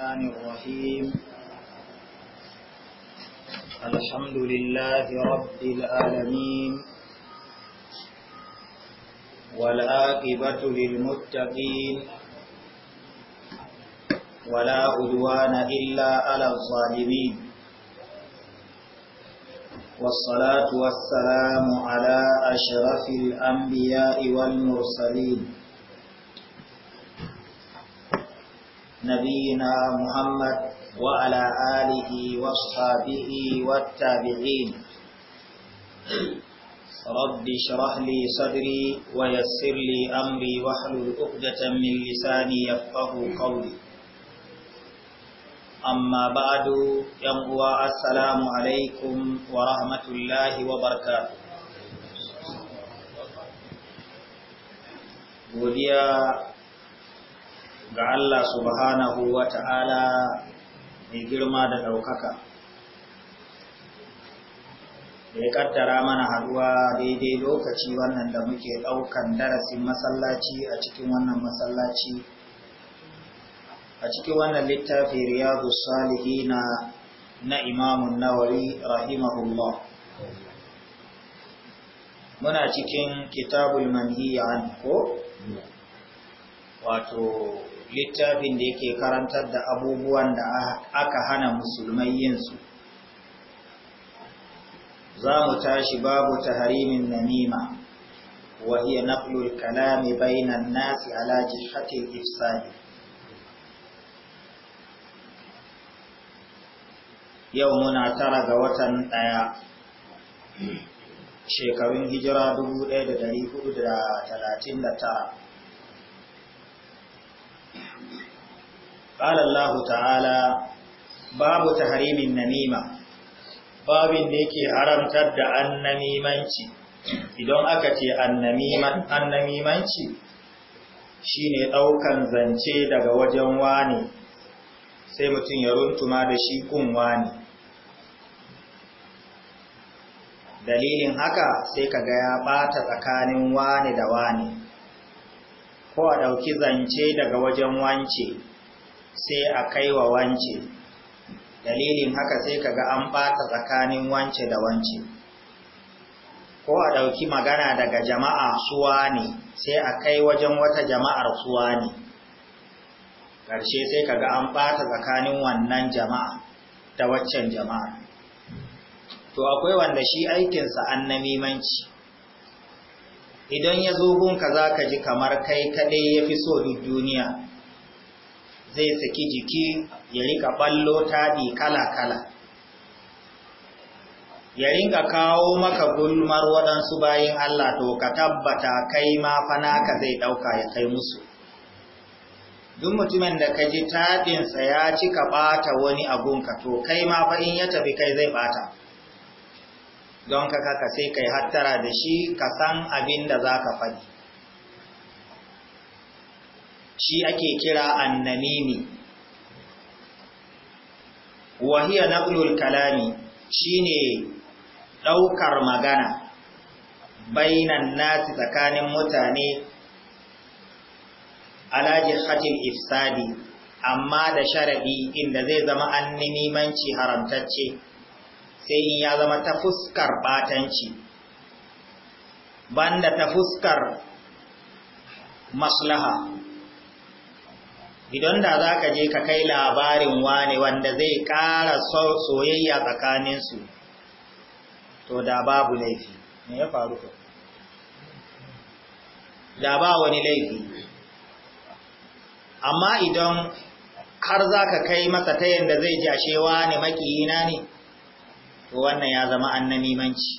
الرحمن الرحيم الحمد لله رب العالمين والآقبة للمتقين ولا عدوان إلا على الظالمين والصلاة والسلام على أشرف الأنبياء والمرسلين نبينا محمد وعلى آله وصحبه والتابعين رب اشرح لي صدري ويسر لي أمري وحل عقدة من لساني يفقه قولي أما بعد ينقوى السلام عليكم ورحمة الله وبركاته godiya ga Allah subhanahu wa ta'ala mai girma da ɗaukaka. Da ya ƙaddara mana haɗuwa daidai lokaci wannan da muke ɗaukan darasin masallaci a cikin wannan masallaci. A cikin wannan littafi riyadu Salihi na imamun nawari rahimahullah. Muna cikin kitabul manhiya an ko? Wato littafin da yake karantar da abubuwan da aka hana musulmai yinsu za mu tashi babu taharimin namima wa iya naflul kalami bainan nasi ala jihati al yau muna tara ga watan daya shekarun hijira 1439 qala Allah ta'ala babu tahrimin namima babin da ke haramtar da annamimanci idan aka ce annamimanci shine ɗaukan zance daga wajen wani sai mutum ya runtuma da shi kun wani dalilin haka sai kaga ya ɓata tsakanin wani da wani ko a ɗauki zance daga wajen wance sai a kaiwa wance dalilin haka sai kaga an ɓata tsakanin wance da wance ko a ɗauki magana daga jama'a suwa ne sai a kai wajen wata jama'ar suwa ne ƙarshe sai kaga an ɓata tsakanin wannan jama'a da waccan jama'a to akwai wanda shi aikinsa an namimanci idan ya zo gunka za ka ji kamar kai kaɗai ya fi so duk duniya zai saki jiki ya rika ballo taɗi kala-kala ya rinka kawo maka gulmar waɗansu bayin Allah to ka tabbata kai ma ka zai ɗauka ya kai musu duk mutumin da ka ji taɗinsa ya cika ɓata wani abunka to kai ma fa in ya tafi kai zai ɓata don ka sai kai hattara da shi ka san abin da za ka faɗi shi ake kira annamimi wahiya naqlul kalami shine ɗaukar magana bainan nasi tsakanin mutane alaji hatin ifsadi amma da sharaɗi inda zai zama an haramtacce sai in ya zama ta fuskar batanci banda ta fuskar maslaha idan da za ka je ka kai labarin wane wanda zai ƙara soyayya tsakaninsu to da babu laifi me ya faru ko da ba wani laifi amma idan har za ka kai masa ta yadda zai jashe wane makiyina ne to wannan ya zama annamimanci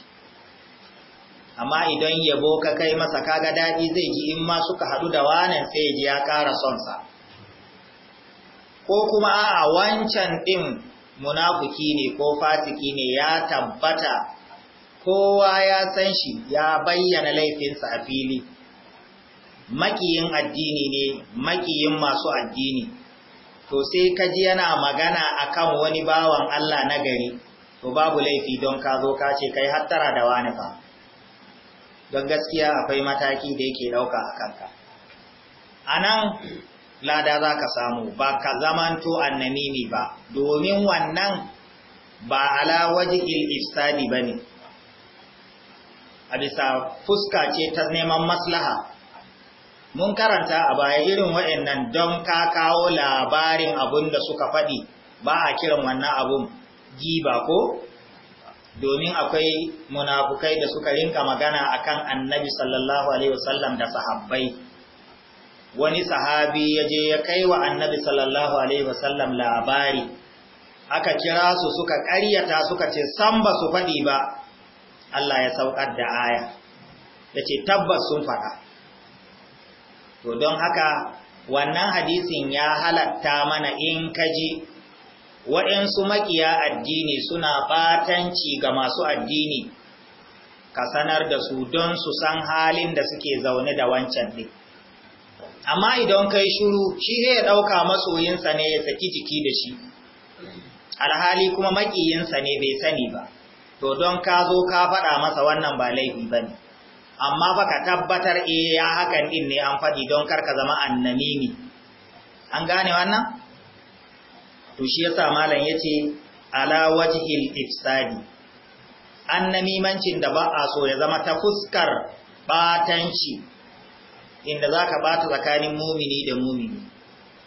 amma idan yabo ka kai masa kaga dadi zai ji in ma suka hadu da wanan sai ji ya ƙara sa ko kuma a wancan ɗin munafuki ne ko fasiki ne ya tabbata kowa ya san shi ya bayyana laifinsa a fili makiyin addini ne makiyin masu addini to sai ka ji yana magana akan wani bawan Allah na gari to babu laifi don ka zo ka ce kai hattara da wani fa don gaskiya akwai mataki da yake ɗauka a kanka a nan lada za ka samu ba ka zamanto annamimi ba domin wannan ba ala il istadi ba ne a bisa fuska ce ta neman maslaha mun karanta a baya irin waɗannan don ka kawo labarin abun da suka faɗi ba a kiran wannan abun giba ko domin akwai munafukai da suka rinka magana akan annabi sallallahu alaihi wasallam da sahabbai wani sahabi ya je ya kai wa annabi sallallahu alaihi wasallam labari aka kira su suka ƙaryata suka ce san ba su faɗi ba Allah ya saukar da aya ya ce tabbas sun faɗa to don haka wannan hadisin ya halatta mana in ka kaji waɗansu makiya addini suna batanci ga masu addini ka sanar da su don su san halin da suke zaune da wancan ɗin amma idan kai shuru shi zai ɗauka masoyinsa ne ya saki jiki da shi alhali kuma makiyinsa ne bai sani ba to don ka zo ka faɗa masa wannan ba laifi ba ne amma ba ka tabbatar eh ya hakan ɗin ne an faɗi don kar ka zama annanini an gane wannan to shi yasa malam yace ala wajhil ifsadi annamimancin da ba a so ya zama ta fuskar batanci inda zaka bata tsakanin mumini da mumini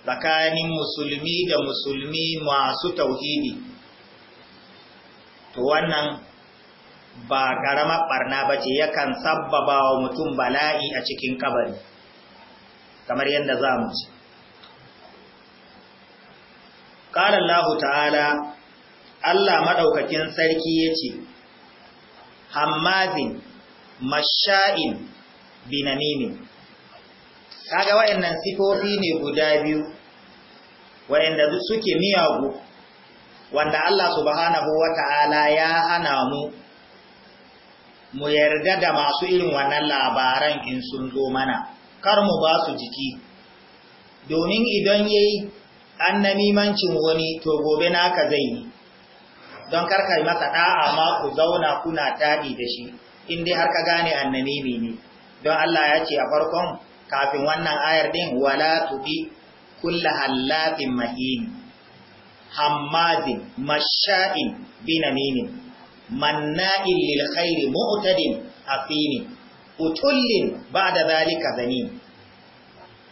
tsakanin musulmi da musulmi masu tauhidi to wannan ba karamar barna bace yakan sabbaba wa mutum bala'i a cikin kabari kamar yadda za mu ci qala allah ta'ala allah maɗaukacin sarki yace hammazin masha'in binamimin kaga wayannan sifofi ne guda biyu wayanda suke miyagu wanda Allah subhanahu ta'ala ya hana mu mu yarda da masu irin wannan labaran in sun zo mana kar mu ba su jiki domin idan yayi an nimancin wani to gobe na ka zai yi don karkar masa ɗa'a ma ku zauna kuna taɗi da shi in dai har ka gane annamimi ne don Allah ya ce a farkon kafin wannan ayar din wala bi kulla hallafin mahin hammazin masha'in binaminin manna'in lil khairi mu'tadin afini utullin ba'da zalika zanin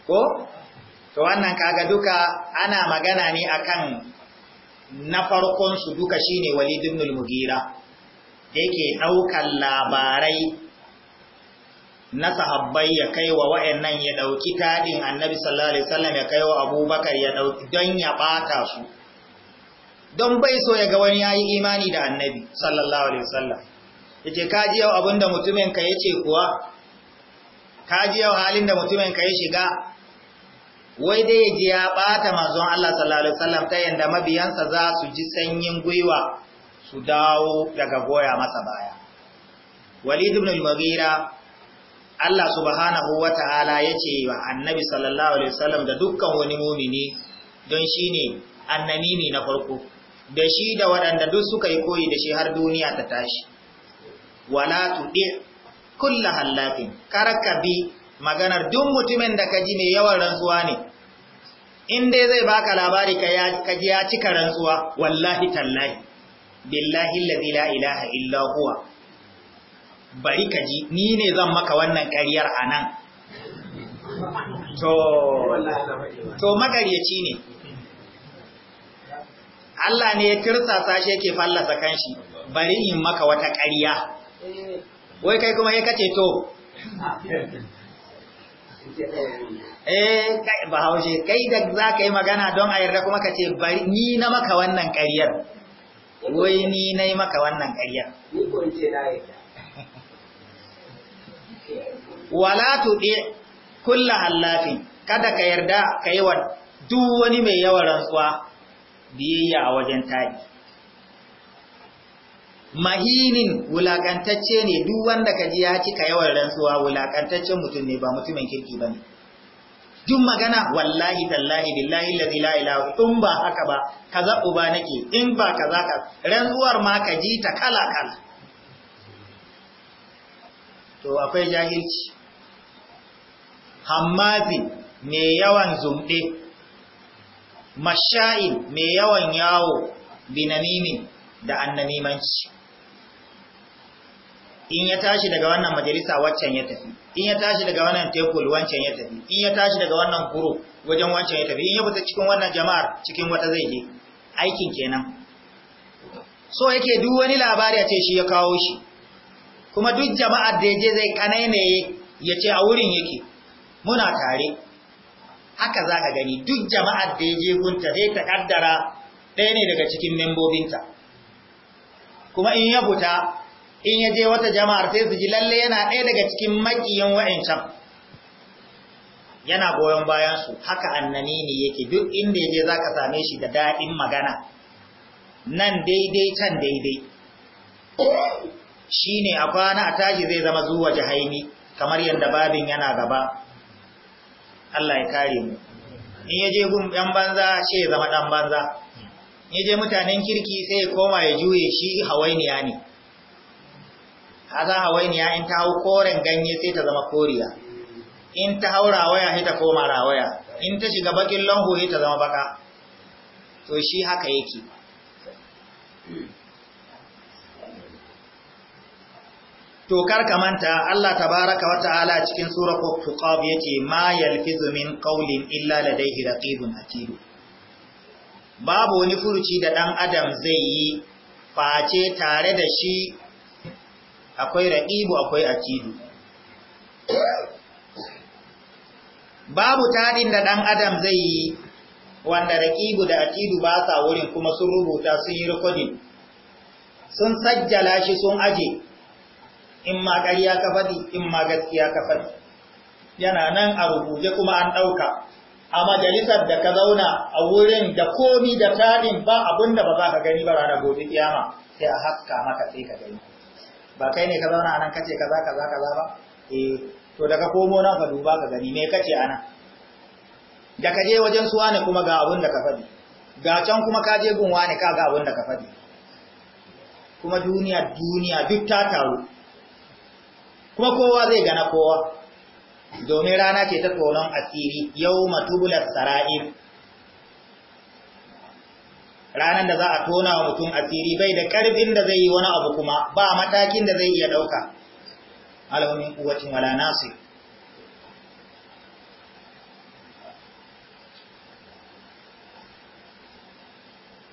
ko to wannan kaga duka ana magana ne akan na farkon su duka shine Walid ibn al-Mughira yake daukan labarai na sahabbai ya kaiwa wa'annan ya dauki tadin Annabi sallallahu alaihi wasallam ya kaiwa Abubakar ya dauki don ya bata su don bai so ya ga wani yayi imani da Annabi sallallahu alaihi wasallam yace kaji yau abinda mutumin ka yace kuwa kaji yau halin da mutumin ka ya shiga wai dai ya ji ya ɓata manzon Allah sallallahu alaihi wasallam ta yanda mabiyansa za su ji sanyin gwiwa su dawo daga goya masa baya Walid ibn al-Mughira Allah subhanahu wata'ala yace wa Annabi sallallahu alaihi wasallam da dukkan wani mumini don shine ne na farko da shi da waɗanda duk suka yi koyi da shi har duniya ta tashi wala tudi kullu halakin karaka bi maganar duk mutumin da kaji mai yawan rantsuwa ne in dai zai baka labari kaji ya cika rantsuwa wallahi tallahi billahi allazi la ilaha illa huwa bari ka ji ni ne zan maka wannan ƙaryar anan to to makaryaci ne Allah ne ya tirsasa shi yake fallasa kanshi bari in maka wata ƙarya wai kai kuma ya kace to Eh, Bahaushe, kai da za ka yi magana don a yarda kuma ka ce, bari ni na maka wannan ƙaryar, wai ni na maka wannan ƙaryar. Wala tuɗe kulla hallafi kada ka yarda ka yi wa duk wani mai yawan rantsuwa biyayya a wajen tari mahinin wulakantacce ne duk wanda ka ji ya cika yawan rantsuwa wulakantaccen mutum ne ba mutumin kirki ba ne duk magana wallahi tallahi billahi lazi la ilaha in ba haka ba zaɓu ba nake in ba kaza ka rantsuwar ma ka ji ta kala kala to akwai jahilci hammazi mai yawan zumɗe masha'in mai yawan yawo binamimin da annamimanci in ya tashi daga wannan majalisa waccan ya tafi in ya tashi daga wannan tekul wancan ya tafi in ya tashi daga wannan guru wajen wancan ya tafi in ya fita cikin wannan jama'ar cikin wata zai je aikin kenan so yake duk wani labari a ce shi ya kawo shi kuma duk jama'ar da ya je zai kanaine ya ce a wurin yake muna tare haka za ka gani duk jama'ar da ya je gunta zai ta kaddara ɗaya ne daga cikin membobinta kuma in ya fita in ya je wata jama'ar sai su ji lalle yana ɗaya daga cikin maƙiyan wa'ancan yana goyon bayan su haka annani ne yake duk inda ya je za ka same shi da daɗin magana nan daidai can daidai shi ne a kwana a tashi zai zama zuwa jihaini kamar yadda babin yana gaba Allah ya kare mu in ya je gun ɗan banza shi ya zama ɗan banza In ya je mutanen kirki sai ya koma ya juye shi hawainiya ne haza hawainiya in ta hau koren ganye sai ta zama koriya in ta hau rawaya sai ta koma rawaya in ta shiga bakin lanhu sai ta zama baka to shi haka yake to kar ka manta Allah tabaaraka wa ta'ala cikin sura fuqab yace ma yalfizu min qawlin illa ladayhi raqibun atid babu wani furuci da dan adam zai yi face tare da shi akwai raqibu akwai akidu babu tadin da dan adam zai yi wanda raqibu da akidu ba sa wurin kuma sun rubuta sun yi recording sun sajjala shi sun aje in ma ƙarya ka faɗi in ma gaskiya ka faɗi yana nan a rubuce kuma an ɗauka a majalisar da ka zauna a wurin da komi da tarin ba abinda ba za ka gani ba ranar gobe kiyama sai a haska maka sai ka gani ba kai ne ka zauna anan kace kaza kaza kaza ba eh to daga komo na fa duba ka gani me kace anan da ka je wajen suwa ne kuma ga abun da ka faɗi ga can kuma ka je gun wane ka ga abun da ka faɗi kuma duniya duniya duk ta taru kuma kowa zai gana kowa domin rana ce ta tsoron asiri yau matubular sara'ir ranar da za a tona wa mutum asiri bai da karfin da zai yi wani abu kuma ba matakin da zai iya ɗauka alamin kuwatin wala nasir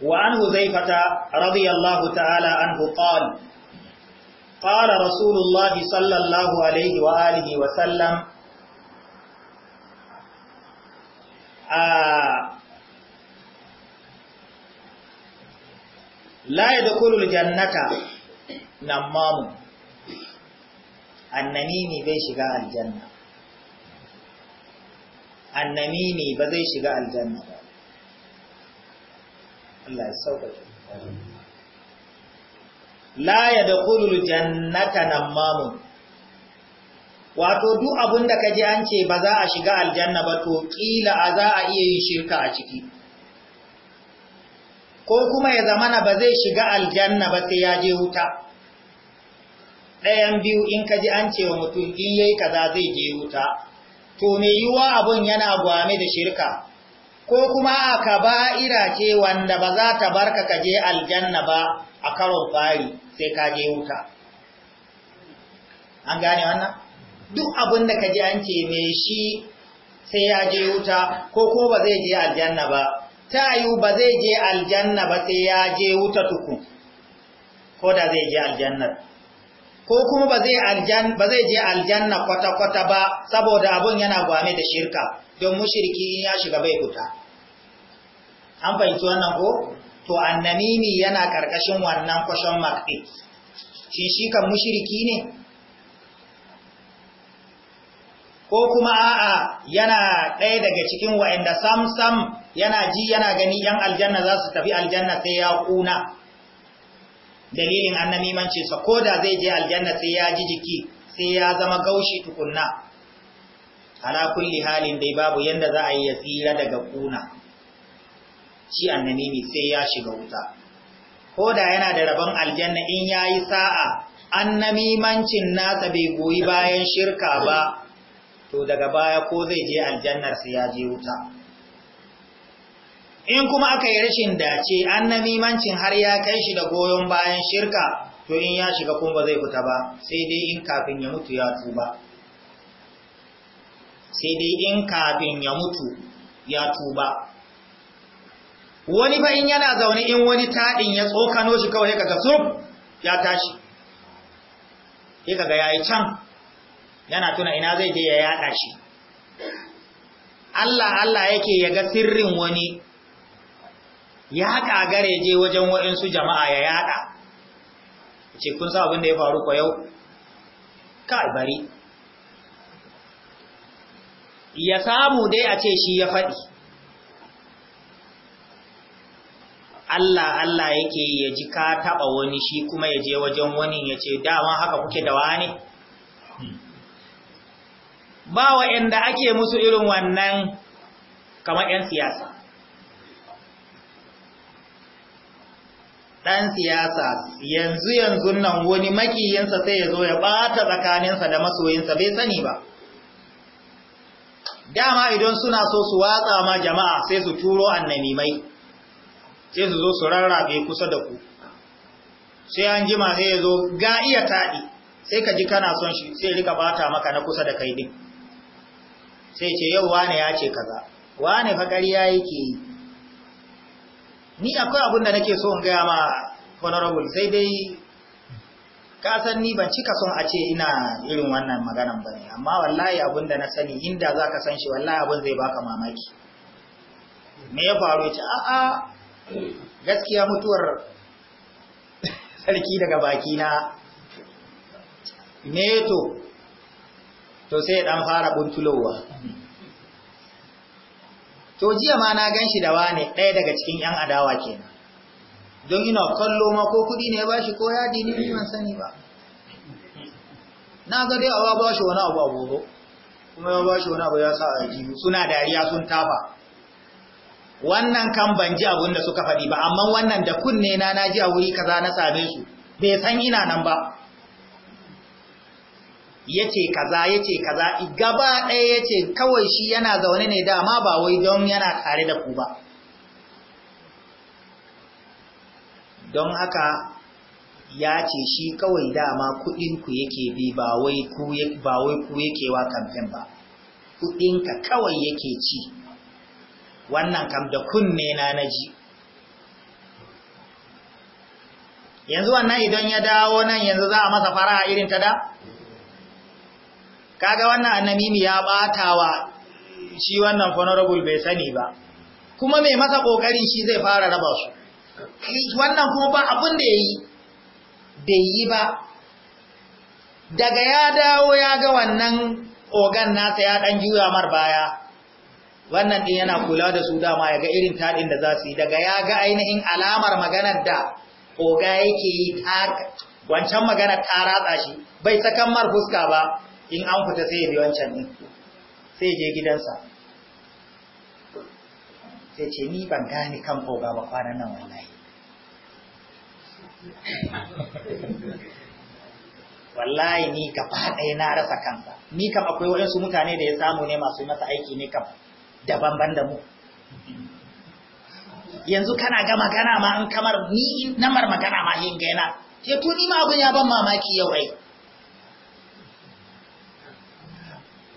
وعن هزيفة رضي الله تعالى عنه قال قال رسول sallallahu alaihi wa alihi wa sallam. A. Ah, la yadkhulul jannata namamun annamimi bai shiga aljanna annamimi ba zai shiga aljanna ba Allah ya sauƙaƙe la yadkhulul jannata namamun wato duk abin da kaji an ce ba za a shiga aljanna ba to ƙila a za a iya yin shirka a ciki ko kuma ya zamana ba zai shiga aljanna ba sai ya je wuta ɗayan biyu in ka ji an ce wa mutum in yayi kaza zai je wuta to me yiwa abun yana gwame da shirka ko kuma a ira ce wanda ba za ta barka ka je aljanna ba a karon fari sai ka je wuta an gane wannan duk abin da ka ji an ce mai shi sai ya je wuta ko ko ba zai je aljanna ba ta yiwu ba zai je aljanna ba sai ya je wuta tukun ko da zai je aljannar ko kuma ba zai je aljanna kwata-kwata ba saboda abun yana gwame da shirka don mushirki in ya shiga bai fita an fahimci wannan ko to annamimi yana karkashin wannan kwashon market shi shi kan mushirki ne ko kuma a'a yana ɗaya daga cikin wa'anda sam-sam yana ji yana gani yan aljanna za su tafi aljanna sai ya kuna dalilin annamimanci sa koda zai je aljanna sai ya ji jiki sai ya zama gaushi tukunna ala kulli halin dai babu yanda za a yi ya tsira daga kuna shi annamimi sai ya shiga wuta koda yana da rabon aljanna in yayi sa'a annamimancin nasa bai goyi bayan shirka ba to daga baya ko zai je aljannar sai ya je wuta in kuma aka yi rashin dace mimancin har ya kai shi da goyon bayan shirka to in ya shiga kuma ba zai fita ba sai dai in kafin ya mutu ya tuba sai dai in kafin ya mutu ya tuba wani fa in yana zaune in wani taɗin ya tsokano shi kawai kaga sub ya tashi sai kaga yayi can yana tuna ina zai je ya yada shi Allah Allah yake yaga sirrin wani ya kagare je wajen waɗansu jama'a ya yaɗa ce kun sa abin da ya faru ko yau kai bari ya samu dai a ce shi ya faɗi Allah Allah yake ya ji ka taɓa wani shi kuma ya je wajen wani ya ce dama haka kuke da wani ba wa'yanda ake musu irin wannan kamar ‘yan siyasa’ ɗan siyasa yanzu yanzu nan wani makiyansa sai ya zo ya ɓata tsakaninsa da masoyinsa bai sani ba dama idan suna so su watsa ma jama'a sai su turo annamimai sai su zo su rarrabe kusa da ku sai an jima sai ya zo ga iya taɗi sai ka ji kana son shi sai rika bata maka na kusa da kai din sai ce yau wane ya ce kaza wane ya yi ke yi ni akwai abin da nake so in gaya ma honorable sai dai ka san ni ban cika son a ce ina irin wannan maganan ba ne amma wallahi abin da na sani inda za ka san shi wallahi abin zai baka mamaki me ya faru ce a'a gaskiya mutuwar sarki daga baki na ne to to sai dan fara buntulowa to jiya ma na gan shi da wane ɗaya daga cikin 'yan adawa nan. don ina kallo ma ko kuɗi ne ba shi ko dini ne ban sani ba na ga dai awa ba shi wani abu a boro kuma ya ba shi wani abu ya sa a jibi suna dariya sun tafa wannan kan ban ji abin da suka faɗi ba amma wannan da kunne na na ji a wuri kaza na same su bai san ina nan ba yace kaza yace kaza gaba ɗaya yace kawai shi yana zaune ne dama ba wai don yana tare da ku ba don haka ya ce shi kawai dama kuɗinku yake bi ba wai ku yake wa kamfen ba kuɗinka kawai yake ci wannan kam da kunne na naji yanzu wannan idan ya dawo nan yanzu za a masa fara irin ta da? kaga wannan annamimi ya batawa shi wannan honorable bai sani ba kuma mai masa kokari shi zai fara raba su wannan kuma ba abin da yayi bai yi ba daga ya dawo ya ga wannan ogan nasa ya dan juya mar baya wannan din yana kula da su dama ya ga irin tadin da za su yi daga ya ga ainihin alamar maganar da oga yake yi wancan maganar ta ratsa shi bai sakan mar fuska ba in an fita sai ya bi wancan din sai je gidansa sai ce ni ban gane kan fauga ba kwanan nan wallahi wallahi ni gaba ɗaya na rasa kansa ni kam akwai waɗansu mutane da ya samu ne masu masa aiki ne kam daban-ban da mu yanzu kana ga magana ma an kamar ni namar magana ma hinga gaina ke to ni ma abin ya ban mamaki yau ai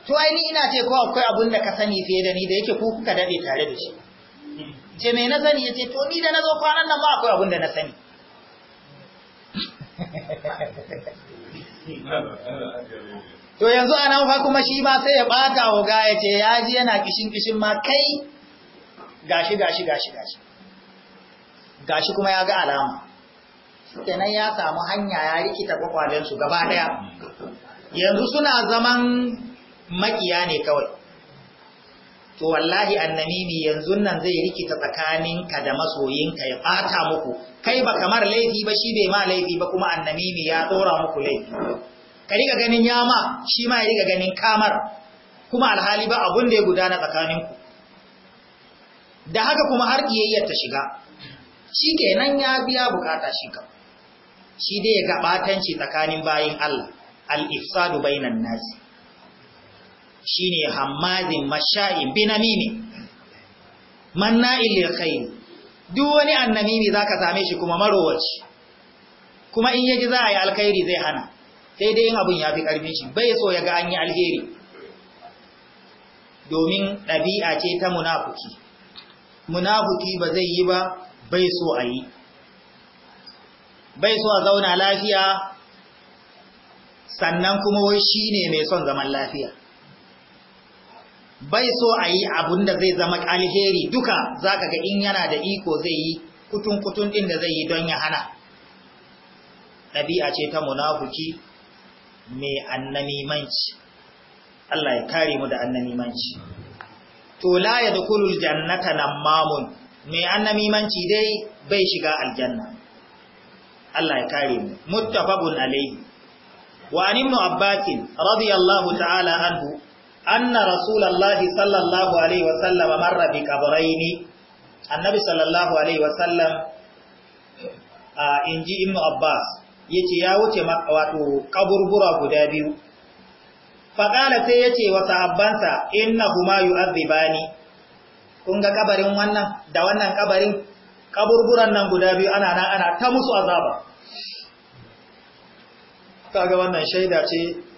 to ai ni ina ce ko akwai abun da ka sani fiye da ni da yake ku kuka dade tare da shi ce me na sani yace to ni da na zo kwanan nan ba akwai abun da na sani to yanzu a nan fa kuma shi ma sai ya bata hoga ya ce ya ji yana kishin kishin ma kai gashi gashi gashi gashi gashi kuma ya ga alama kenan ya samu hanya ya rikita kwakwalensu gaba daya yanzu suna zaman makiya ne kawai to wallahi annamimi yanzu nan zai rikita tsakaninka da masoyinka ya bata muku kai ba kamar laifi ba shi bai ma laifi ba kuma annamimi ya tsora muku laifi ka riga ganin yama shi ma ya riga ganin kamar kuma alhali ba abun da ya gudana tsakaninku da haka kuma har kiyayyar ta shiga shi kenan ya biya bukata shi ka shi dai ya gabatanci tsakanin bayin Allah al-ifsadu bainan nasi shine hammadin masha'in binamimi manna'il lil khair duk wani annamimi zaka same shi kuma marowaci kuma in yaji za a yi alkhairi zai hana sai dai in abun yafi karfin shi bai so ga an yi alheri domin dabi'a ce ta munafuki munafuki ba zai yi ba bai so a yi bai so a zauna lafiya sannan kuma wai shine mai son zaman lafiya bai so a yi abun da zai zama alheri duka za ka ga in yana da iko zai yi kutun-kutun ɗin da zai yi don ya hana ɗabi'a ce ta munafuki mai annamimanci Allah ya kare mu da annamimanci to la ya dukulul jannata nan mamun mai annamimanci dai bai shiga aljanna Allah ya kare mu muttafabun alaihi wa an ibn abbas radiyallahu ta'ala anhu anna rasulallahi sallallahu alaihi wasallam marra bi qabraini annabi sallallahu alaihi wasallam a inji ibnu abbas yace ya wuce wato kaburbura guda biyu faqala sai yace wa sahabbansa innahuma yu'adhibani kun ga kabarin wannan da wannan kabarin kaburburan nan guda biyu ana nan ana ta musu azaba kaga wannan shaida ce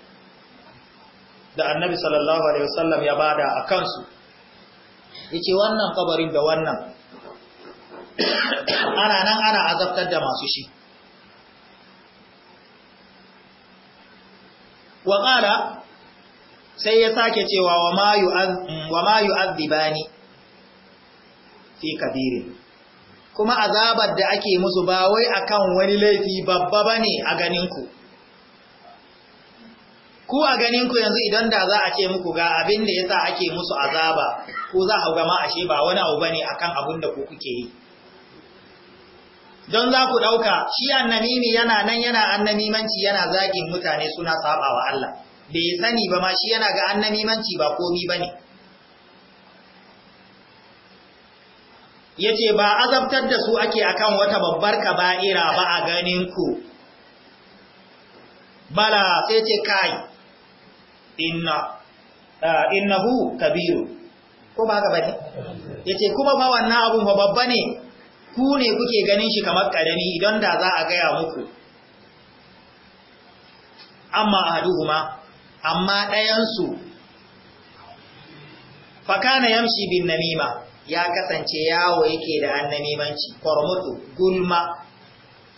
da annabi sallallahu alaihi wasallam ya bada a kansu yace wannan kabarin da wannan ana nan ana azabtar da masu shi wa qala sai ya sake cewa wa ma wa ma yu'adhibani fi kabirin kuma azabar da ake musu ba wai akan wani laifi babba bane a ganin ku ku a ganin ku yanzu idan da za a ce muku ga abin da yasa ake musu azaba ku za ku gama ashe ba wani abu bane akan abun da ku kuke yi don za ku dauka shi annamimi yana nan yana manci yana zagin mutane suna sabawa Allah bai sani ba ma shi yana ga annamimanci ba komi bane yace ba azabtar da su ake akan wata babbar kaba'ira ba a ganin ku bala sai ce kai inna ah, innahu kabiru ko ba haka bane yace kuma ba wannan abun ba babba ne ku ne kuke ganin shi kamar karami idan da za a gaya muku amma ahaduhuma amma ɗayansu fakana yamshi bin namima ya kasance yawo yake da annamimanci kormutu gulma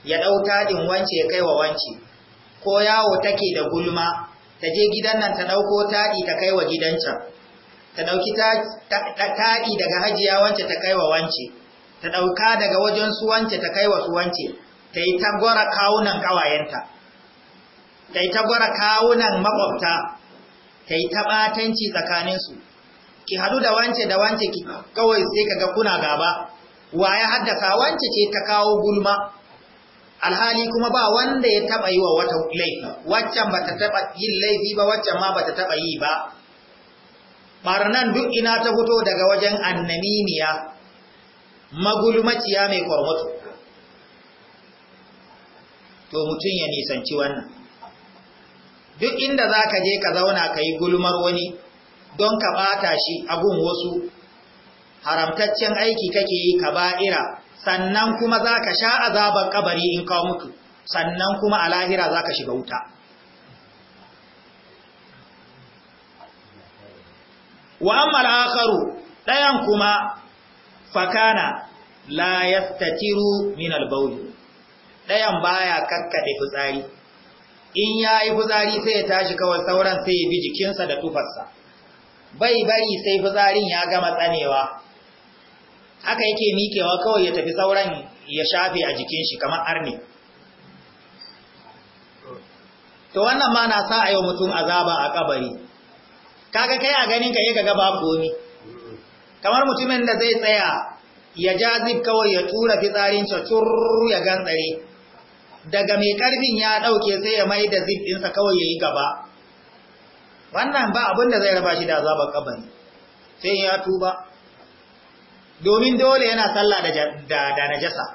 ya ɗauta din wance kai wa wance ko yawo take da gulma ta je gidan nan ta ɗauko taɗi ta kai wa gidancan ta ɗauki taɗi daga hajiya wance ta kai wa wance ta ɗauka daga wajen su wance ta kai wa su wance ta yi tagwara kawunan ƙawayenta ta yi tagwara kawunan maƙwabta ta yi taɓatanci tsakaninsu ki haɗu da wance da wance ki kawai sai ka ga kuna gaba wa ya haddasa wance ce ta kawo gulma alhali kuma ba wanda ya taba yi wa wata laifi waccan ba ta taba yin laifi ba waccan ma ba ta taba yi ba barnan duk ina ta fito daga wajen annaminiya magulmaciya mai kwarwato to mutum ya nisanci wannan duk inda za ka je ka zauna ka yi gulmar wani don ka bata shi a gun wasu haramtaccen aiki kake yi ka ba'ira sannan kuma za ka sha azabar kabari in kawo mutu sannan kuma a lahira za ka shiga wuta wa amma al'akaru ɗayan kuma fakana la yastatiru min albauli ɗayan baya kakkaɗe fitsari in ya yi fitsari sai ya tashi kawai sauran sai ya bi jikinsa da tufarsa bai bari sai fitsarin ya gama tsanewa haka yake miƙewa kawai ya tafi sauran ya shafe a jikin shi kamar arni to wannan ma na sa a yau mutum azaba a kabari kaga kai a ganin ka yi kaga babu komi kamar mutumin da zai tsaya ya jazib kawai ya tura fitsarin cacur ya gan tsare, daga mai karfin ya dauke sai ya mai da zib ɗinsa kawai ya yi gaba wannan ba abin da zai raba shi da azabar kabari sai ya tuba domin dole yana sallah da najasa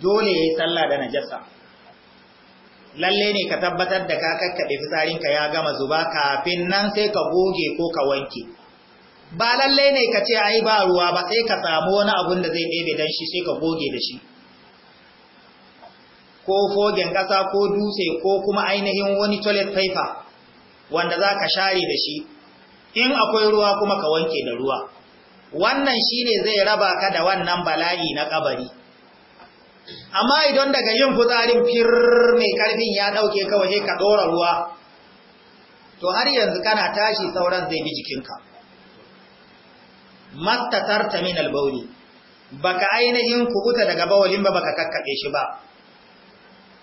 dole ya sallah da najasa lalle ne ka tabbatar da ka kakkaɓe fitsarinka ya gama zuba kafin nan sai ka goge ko ka wanke ba lalle ne ka ce ai ba ruwa ba sai ka samu wani abun da zai ɗebe dan shi sai ka goge da shi ko fogen ƙasa ko dutse ko kuma ainihin wani toilet paper wanda za ka share da shi in akwai ruwa kuma ka wanke da ruwa wannan shine zai raba ka da wannan bala'i na kabari amma idan daga yin fitsarin fir mai karfin ya ɗauke kawai ka dora ruwa to har yanzu kana tashi sauran zai bi jikinka mastatarta min albauli baka ainihin kubuta daga bawalin ba baka kakkabe shi ba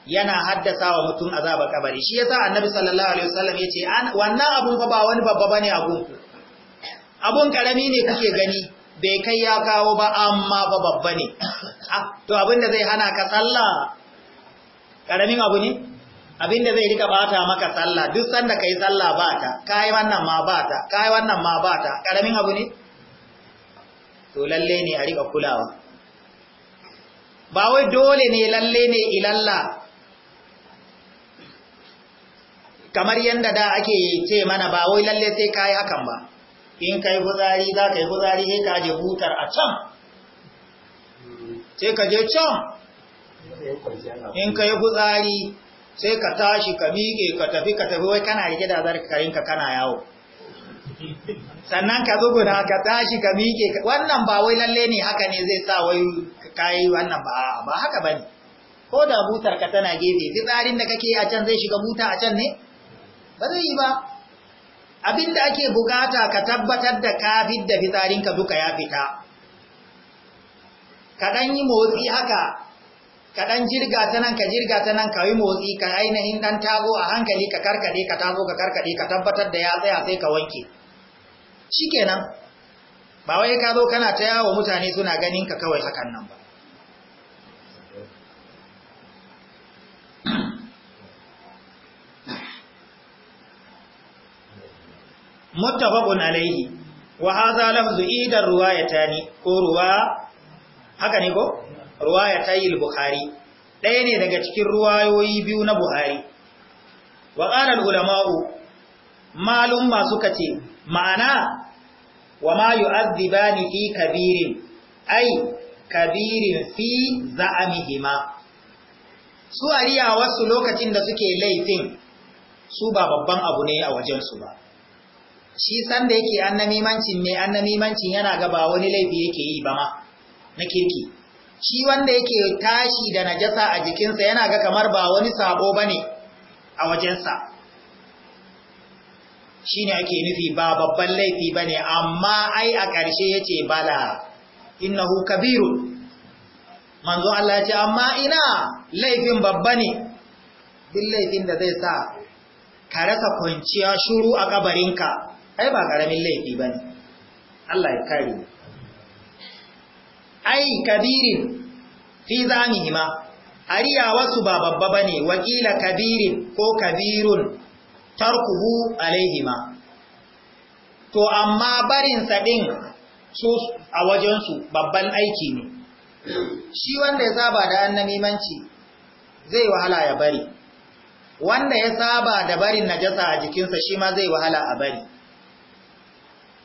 yana haddasa wa mutum azaba kabari shi yasa annabi sallallahu alaihi wasallam yace wannan abun fa ba wani babba bane abun ku abun karami ne kuke gani bai kai ya kawo ba amma ba babba ne ah, to abinda zai hana ka sallah karamin abu ne abinda zai rika bata maka sallah duk sanda kai sallah bata kai wannan ma bata kai wannan ma bata karamin abu ne to lalle ne a rika kulawa ba wai dole ne lalle ne ilalla kamar yadda da ake ce mana ba wai lalle sai kai hakan ba in kai fitsari za ka yi fitsari sai ka je butar a can sai ka je can in ka yi sai ka tashi ka miƙe ka tafi ka tafi wai kana rike da ka kana yawo sannan ka zuguna ka tashi ka miƙe wannan ba wai lalle ne haka ne zai sa wai kai wannan ba ba haka ba ne ko da butar ka tana gefe fitsarin da kake a can zai shiga buta a can ne ba zai yi ba Abin da ake bukata ka tabbatar da ka fidda ka duka ya fita kaɗan yi motsi haka kaɗan jirga ta nan ka jirga ta nan ka yi motsi ka ainihin ɗan tago a hankali ka karkaɗe ka tago ka karkaɗe ka tabbatar da ya tsaya sai ka wanke shi kenan ba wai ka zo kana ta yawo mutane suna ganin ka kawai hakan nan ba muttafaqun wahaza wa hadha lafzu idar ruwayatani ko ruwa haka ne ko al bukhari ɗaya ne daga cikin ruwayoyi biyu na buhari wa qala ulama'u malum ma suka ce ma'ana wa ma yu'adhibani fi kabirin ai kabirin fi za'amihima su ariya wasu lokacin da suke laifin su ba babban abu ne a wajen su ba shi san da yake annamimancin mai annamimancin yana ga ba wani laifi yake yi ba ma na kirki shi wanda yake tashi da najasa a jikinsa yana ga kamar ba wani sabo bane a wajensa ne ake nufi ba babban laifi bane amma ai a ƙarshe yace bala innahu kabiru manzo Allah ce amma ina laifin babba ne duk laifin da zai sa ka rasa kwanciya shuru a kabarinka ai ba ƙaramin laifi ba ne Allah ya kare ai kabirin fi ariya wasu ba babba ba ne wakila kabirin ko kabirun tarkuhu alaihima to amma barinsa ɗin su a wajensu babban aiki ne shi wanda ya saba da annamimanci zai wahala ya bari wanda ya saba da barin najasa a jikinsa shi ma zai wahala a bari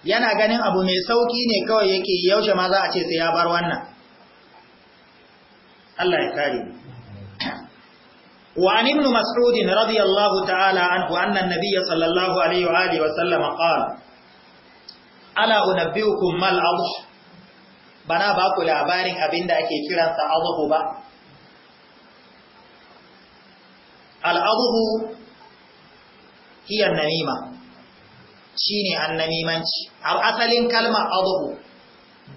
yana ganin abu mai sauki ne kawai yake yaushe ma za a ce sai ya bar wannan Allah ya kare wa an ibn mas'ud radiyallahu ta'ala anhu anna an-nabiy sallallahu alaihi wa alihi wa sallam qala ala unabbiukum mal adh bana ba ku labarin abinda ake kiransa adhu ba al adhu hiya namima shine annamimanci asalin kalmar adhu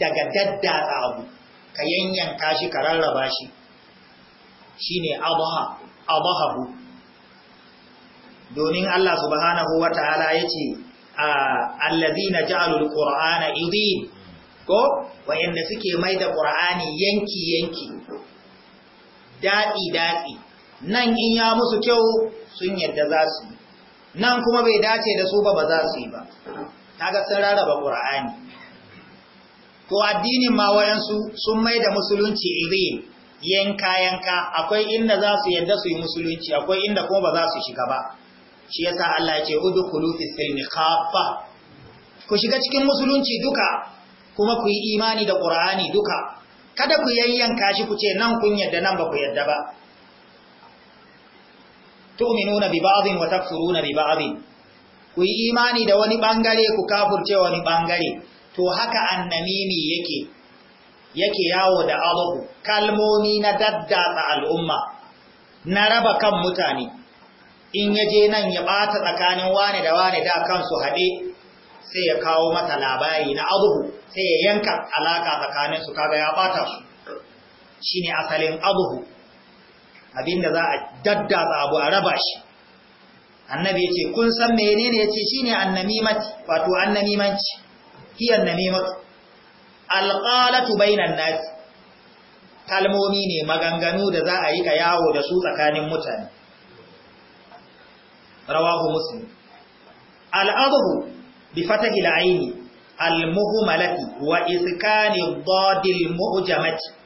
daga dadda abu ka yanyanka shi ka rarraba shi shine adha adhahu domin Allah subhanahu wataala yace allazina ja'alul qur'ana idin ko wayanda suke mai da qur'ani yanki yanki Daɗi daɗi nan in ya musu kyau sun yadda za su yi. nan kuma bai dace da su ba ba za su yi ba kaga sun rarraba qur'ani to addinin ma wayansu sun mai da musulunci iri yanka yanka akwai inda za su yadda su yi musulunci akwai inda kuma ba za su shiga ba shi yasa Allah ya ce kulu fi silmi khafa ku shiga cikin musulunci duka kuma ku yi imani da qur'ani duka kada ku yayyanka shi ku ce nan kun yadda nan ba ku yadda ba tu'minuna bi ba'din wa takfuruna bi ba'din ku yi imani da wani bangare ku kafurce wani bangare to haka annamimi yake yake yawo da alahu kalmomi na daddatsa al'umma na raba kan mutane in yaje nan ya bata tsakanin wane da wane da kansu haɗe sai ya kawo mata labari na abubu sai ya yanka alaka tsakaninsu kaga ya bata su ne asalin abubu. abinda za a daddatsa abu a raba shi annabi yace kun san ne menene yace shine annamimati wato annamimanci hi annamimatu alqalatu bainan nas kalmomi ne maganganu da za a yi ka yawo da su tsakanin mutane rawahu muslim al'adhu bi fatahi aini al-muhmalati wa iskani dadil mu'jamati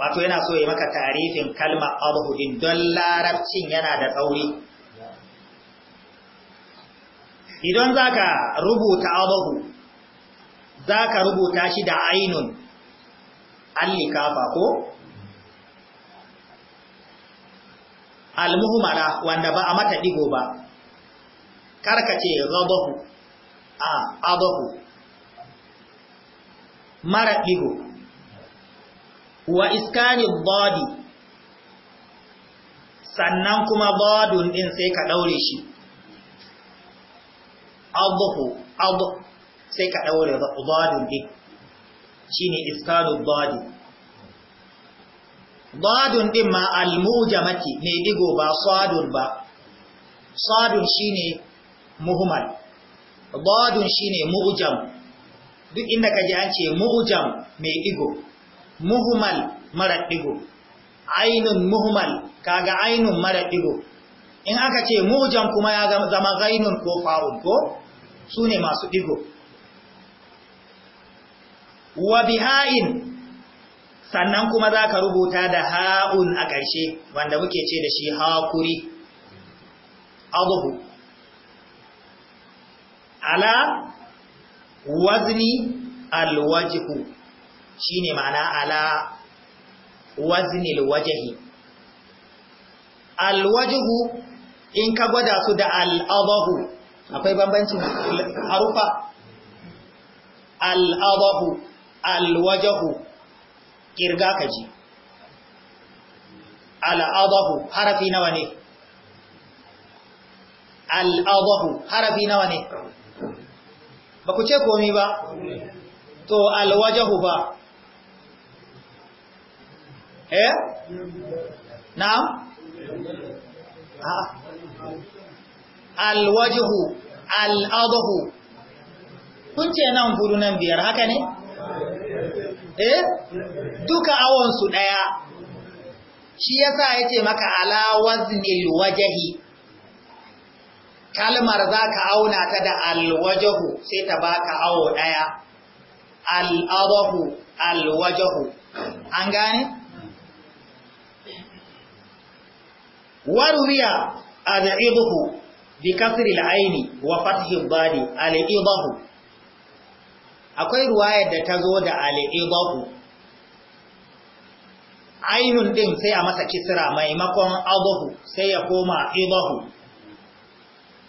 wato yana so ya maka tarifin kalma abu din don larabcin yana da tsauri idan za ka rubuta abu ka rubuta shi da ainun allikafa ko almuhmala wanda ba a mata digo ba karkace ka a adahu mara ɗigo. wa iskani body sannan kuma bodin din sai ka daure shi adhu adhu sai ka daure bodin din shine iskani body Badun ɗin ma almujamati ne mai digo ba sadun ba, sadun shine muhimmal, badun shine mujam, duk inda ka ji an ce mujam mai digo, muhmal mara ɗigo ainun muhmal kaga ainun mara ɗigo in aka ce mujan kuma ya zama zainun ko fa'un ko su ne masu ɗigo wa biha'in sannan kuma za ka rubuta da ha'un a ƙarshe wanda muke ce da shi haƙuri abubu ala wazni alwajihu Shi ne ma'ana ala wazinil wajahi alwajhu in ka gwada su da al'adahu akwai bambancin harufa al'adahu alwajahu kirga kaji al'adahu harafi nawa ne al'adahu harafi nawa ne ba ku ce komi ba to alwajahu ba eh na'am ah. alwajhu al'adahu kun ce nan hudu nan biyar haka ne eh duka awon su daya shi yasa yace maka ala waznil wajhi kalmar za ka auna ta da alwajahu sai ta baka awo ɗaya al alwajahu an gane? waruwiya al'ibuhu bi kasri al'aini wa fathi al-badi akwai ruwayar da ta zo da al'ibahu ainun ɗin sai a masa kisra maimakon abahu sai ya koma ibahu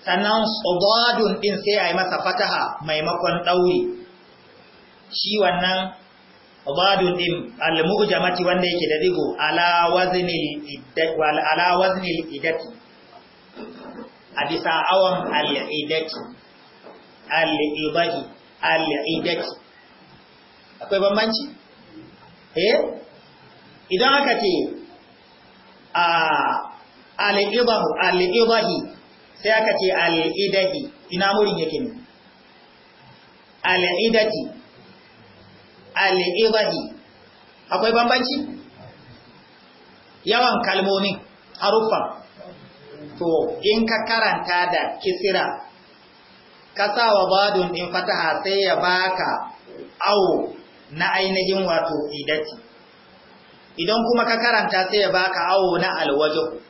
sannan tsobadun ɗin sai a yi masa fataha maimakon ɗauri shi wannan ubadun din al-mu'jamati wanda yake da digo ala waznil iddati wal ala waznil iddati a bisa awan al-iddati al akwai bambanci eh idan aka ce a al-ibahu al sai aka ce al-idahi ina murin yake ne al al’ibadi akwai bambanci yawan kalmomi haruffan to in ka karanta da kisira ka don badun din fataha sai ya baka awo na ainihin wato idati idan kuma ka karanta sai ya baka awo na alwajo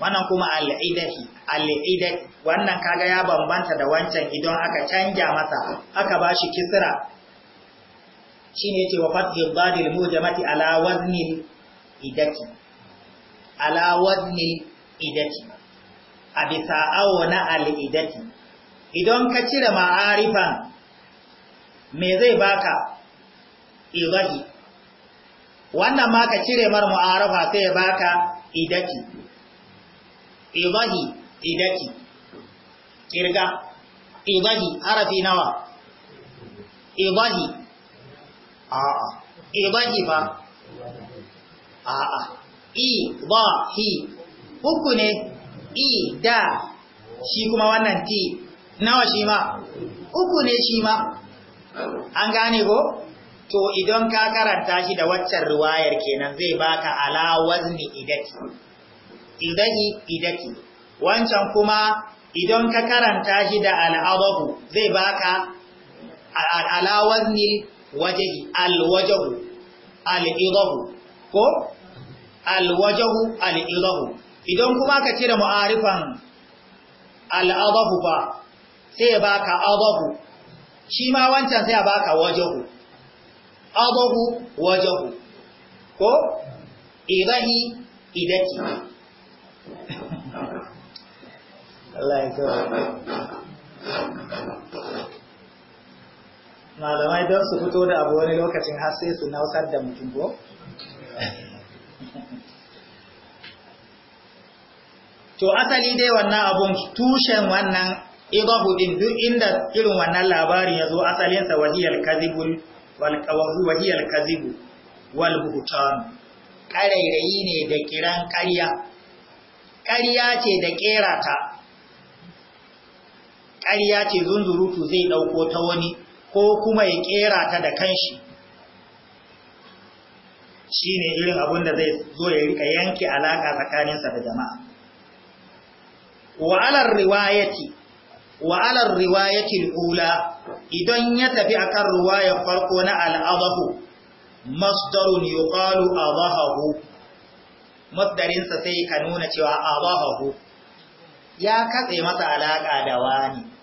wannan kuma al'idahi al'idati wannan kaga ya bambanta da wancan idan aka canja masa aka bashi kisira shine yace wa fathi dhadil mujamati ala wazni idati ala wazni idati a bisa awona al'idati idan ka cire ma'arifan me zai baka idahi wannan ma ka cire mar mu'arafa sai baka idati idahi idati kirga idahi harafi nawa idahi a'a iba-iba a'a i-ba-hi uku ne i-da shi kuma wannan ti nawa shi ma uku ne shi ma an gane ko to idan ka karanta shi da waccan riwayar kenan zai baka ala ni idaki idaki idaki wancan kuma idan ka karanta shi da al'adabu zai baka ala waznil wajahi alwajahu al'idahu ko alwajahu al'idahu idan kuma ka cire mu'arifan al'adahu ba sai ya baka adahu shi ma wancan sai ya baka wajahu adahu wajahu ko idahi idati Allah ya malamai don su fito da abu wani lokacin har sai su nausar da mutum ko to asali dai wannan abun tushen wannan idahu din duk inda irin wannan labarin ya zo asalinsa wahiyar kazibul wahiyar kazibu wal buhutan karairayi ne da kiran ƙarya ƙarya ce da ƙera ta ƙarya ce zunzurutu zai ɗauko ta wani ko kuma ya kera ta da kanshi Shi ne irin abin da zai zo ya rika yanke alaƙa tsakaninsa da jama'a Wa'alar alar riwayati wa riwayati al'ula idan ya tafi a kan riwayar farko na al'adahu masdarun yuqalu adahu masdarinsa sai ka nuna cewa adahu ya katse masa alaƙa da wani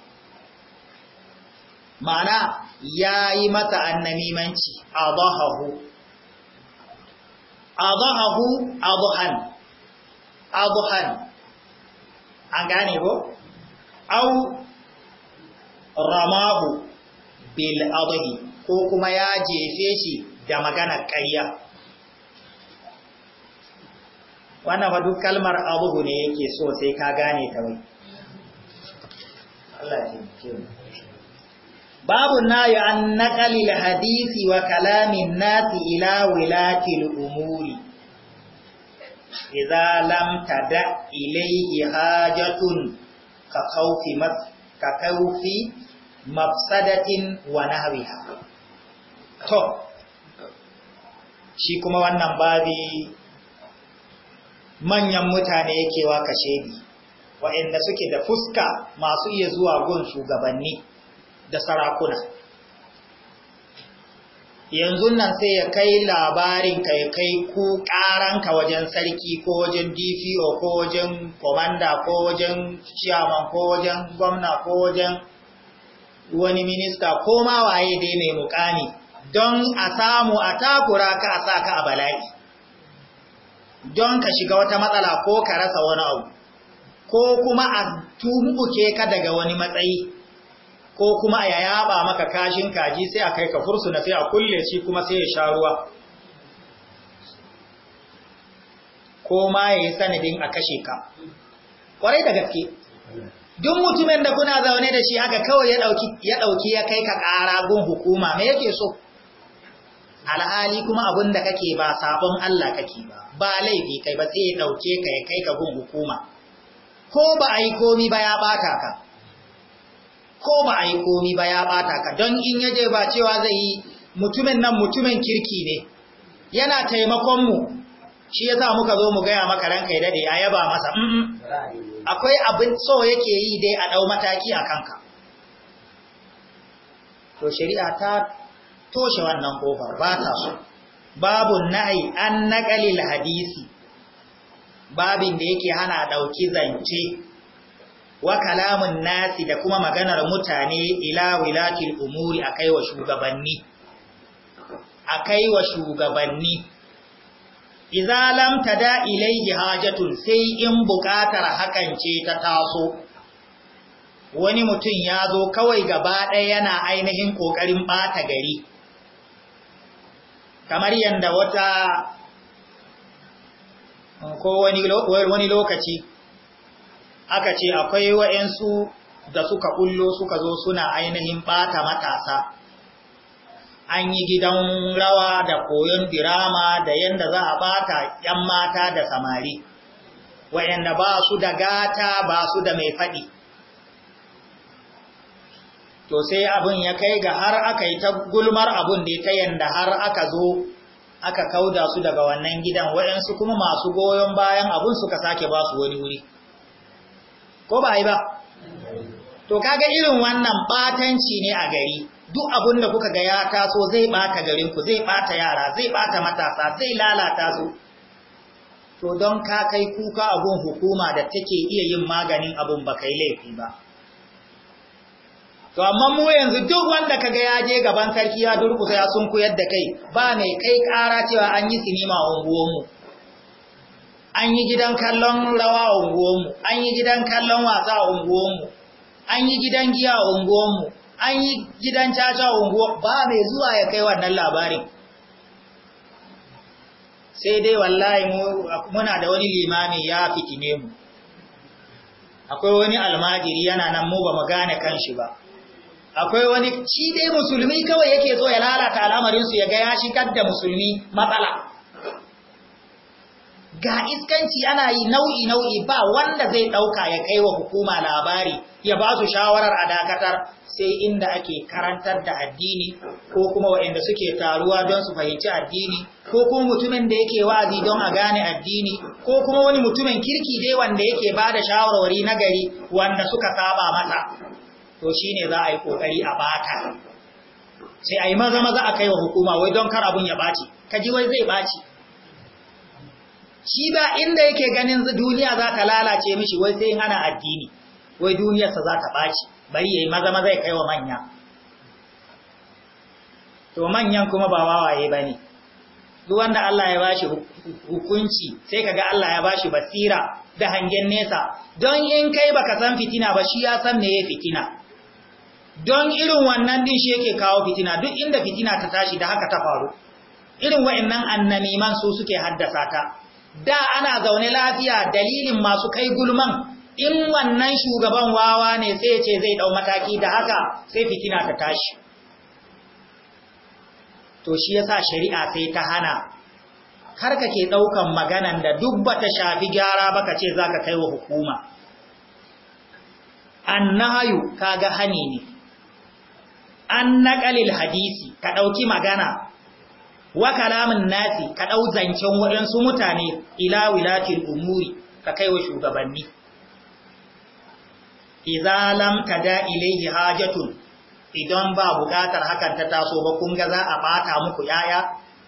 ma'ana ya yi mata annamimanci a zuhan a zuhan an gane ko au ramahu bil adhi ko kuma ya jefe shi da magana ƙarya wannan ba duk kalmar abuhu ne yake so sai ka gane ta wai Allah ya ce babu nayi an naqalil hadisi wa kalamin nasi ila wilatil umuri idza lam tada ilayhi hajatun ka khawfi mafsadatin wa to shi kuma wannan babi manyan mutane yake wa kashedi wa'anda suke da fuska masu iya zuwa gun shugabanni da sarakuna yanzu nan sai ya kai labarin ka ya kai ku ƙaranka wajen sarki ko wajen dpo ko wajen komanda ko wajen ciyaman ko wajen gwamna ko wajen wani minista ko ma waye dai mai mukami don a samu a takura ka a sa ka a bala'i don ka shiga wata matsala ko ka rasa wani abu ko kuma a tumbuke ka daga wani matsayi ko kuma a yaba maka kashin kaji sai a kai ka fursuna sai a kulle shi kuma sai ya sha ruwa ko ma ya yi sanadin a kashe ka kwarai da gaske duk mutumin da kuna zaune da shi haka kawai ya ɗauki ya dauki ya kai ka ƙara gun hukuma me yake so alhali kuma abun da kake ba sabon Allah kake ba ba laifi kai ba sai ya dauke ka ya kai ka gun hukuma ko ba a yi komi ba ya bata ka ko ba a yi komi ba ya bata ka don in yaje ba cewa zai yi mutumin nan mutumin kirki ne yana taimakon mu shi yasa muka zo mu gaya maka ranka ya dade a yaba masa akwai abin so yake yi dai a ɗau mataki a kanka to shari'a ta toshe wannan kofar ba ta so babu nahi an naqalil hadisi babin da yake hana ɗauki zance wa kalamun nasi da kuma maganar mutane ila wilatil umuri akai wa shugabanni akai wa shugabanni idza lam tada ilayhi hajatun sai in buƙatar hakan ce ta taso wani mutum ya zo kawai gaba ɗaya yana ainihin ƙoƙarin ɓata gari kamar yadda wata ko wani lokaci aka ce akwai wa'yansu da suka kullo suka zo suna ainihin ɓata matasa an yi gidan rawa da koyon dirama da yadda za a ɓata ‘yan mata da samari wa'yanda ba su da gata ba su da mai faɗi to sai abin ya kai ga har aka yi ta gulmar abin da ta yanda har aka zo aka kauda su daga wannan gidan wayansu kuma masu goyon bayan abin suka sake ba su wani wuri. ko ba yi ba to kaga irin wannan batanci ne a gari duk abin da kuka ga ya taso zai bata garin ku zai bata yara zai bata matasa zai lalata su to don ka kai kuka abun hukuma da take iya yin maganin abun ba kai laifi ba to amma mu yanzu duk wanda kaga ya je gaban sarki ya durkusa ya sunku yadda kai ba mai kai ƙara cewa an yi sinima a unguwanmu an yi gidan kallon rawa a unguwanmu an yi gidan kallon wasa a unguwanmu an yi gidan giya a unguwanmu an yi gidan caca a unguwanmu ba mai zuwa ya kai wannan labarin sai dai wallahi muna da wani limami ya fitine mu akwai wani almajiri yana nan mu ba mu gane shi ba akwai wani shi dai musulmi kawai yake so ya lalata al'amarinsu ya ga ya shigar da musulmi matsala ga iskanci ana yi nau'i nau'i ba wanda zai ɗauka ya kai wa hukuma labari ya ba su shawarar a dakatar sai inda ake karantar da addini ko kuma waɗanda suke taruwa don su fahimci addini ko kuma mutumin da yake wa'azi don a gane addini ko kuma wani mutumin kirki dai wanda yake ba da shawarwari na gari wanda suka saba masa to shine za a yi ƙoƙari a bata sai a yi maza maza a kai wa hukuma wai don kar abun ya ɓaci kaji wai zai ɓaci shi ba inda yake ganin duniya za ta lalace mishi wai sai hana addini wai duniyarsa za ta ɓaci bari yayi maza maza ya kai wa manya to manyan kuma ba wawaye ba ne duk wanda Allah ya bashi hukunci sai kaga Allah ya bashi basira da hangen nesa don in kai baka san fitina ba shi ya san ya fitina don irin wannan din shi yake kawo fitina duk inda fitina ta tashi da haka ta faru irin wa'annan annamiman su suke haddasa ta da ana zaune lafiya dalilin masu kai gulman in wannan shugaban wawa ne sai ce zai dau mataki da haka sai fitina ta tashi to shi yasa shari'a sai ta hana kar ka ke daukan maganan da duk ta shafi gyara ba ka ce zaka kai wa hukuma annahayu kaga hani ne an naqalil hadisi ka dauki magana wa kalamin nasi ka ɗau zancen waɗansu mutane ila wilatil umuri ka kaiwa shugabanni idza lam tada ilayhi hajatun idan ba buƙatar hakan ta taso ba kun ga za a bata muku yaya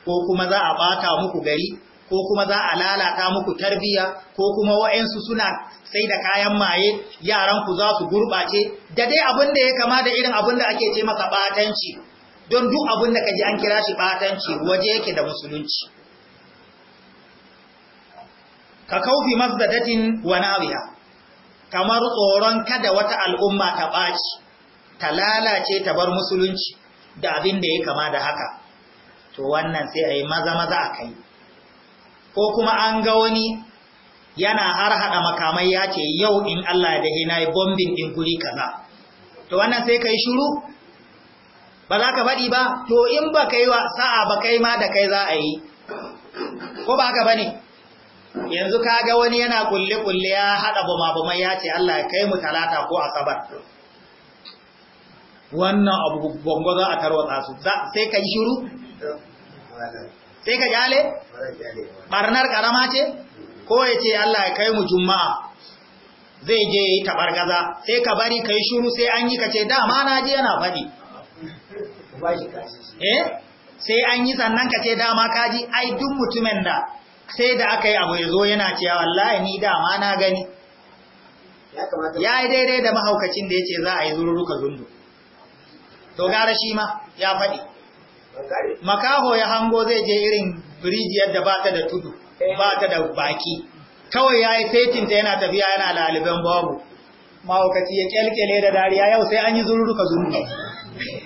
ko kuma za a bata muku gari ko kuma za a lalata muku tarbiya ko kuma wa'ansu suna sai da kayan maye yaran ku za su gurbace da dai abin da ya kama da irin abin da ake ce masa batanci don duk abin da kaji an kira shi batanci waje yake da musulunci ka kaufi masdadatin wa nawiya kamar tsoron kada wata al'umma ta baci ta lalace ta bar musulunci da abin da ya kama da haka to wannan sai a maza maza a kai ko kuma an ga wani yana har hada makamai ya ce yau in Allah da na yi bombin din guri kaza to wannan sai kai shuru. ba za ka faɗi ba to in ba kai wa sa'a ba kai ma da kai za a yi ko ba ka ba ne yanzu ka ga wani yana kulle-kulle ya haɗa bama-bama ya ce Allah ya kai mu talata ko asabar wannan abu gongo za a tarwatsa su sai ka yi shiru sai ka gyale? barnar ƙarama ce ko ya ce Allah ya kai mu juma'a zai je yi gaza. sai ka bari ka yi shiru sai an yi ka ce dama na je yana faɗi eh sai an yi sannan ka ce dama kaji ai duk mutumin da sai da aka yi abu ya zo yana cewa wallahi ni dama na gani ya yi daidai da mahaukacin da ya ce za a yi zururuka zundu to gara shi ma ya faɗi makaho ya hango zai je irin rijiyar da ba ta da tudu eh. ba ta da baki kawai ya yi fetinta yana tafiya yana laliban babu mahaukaci ya kyalkyale da dariya yau sai an yi zururuka zundu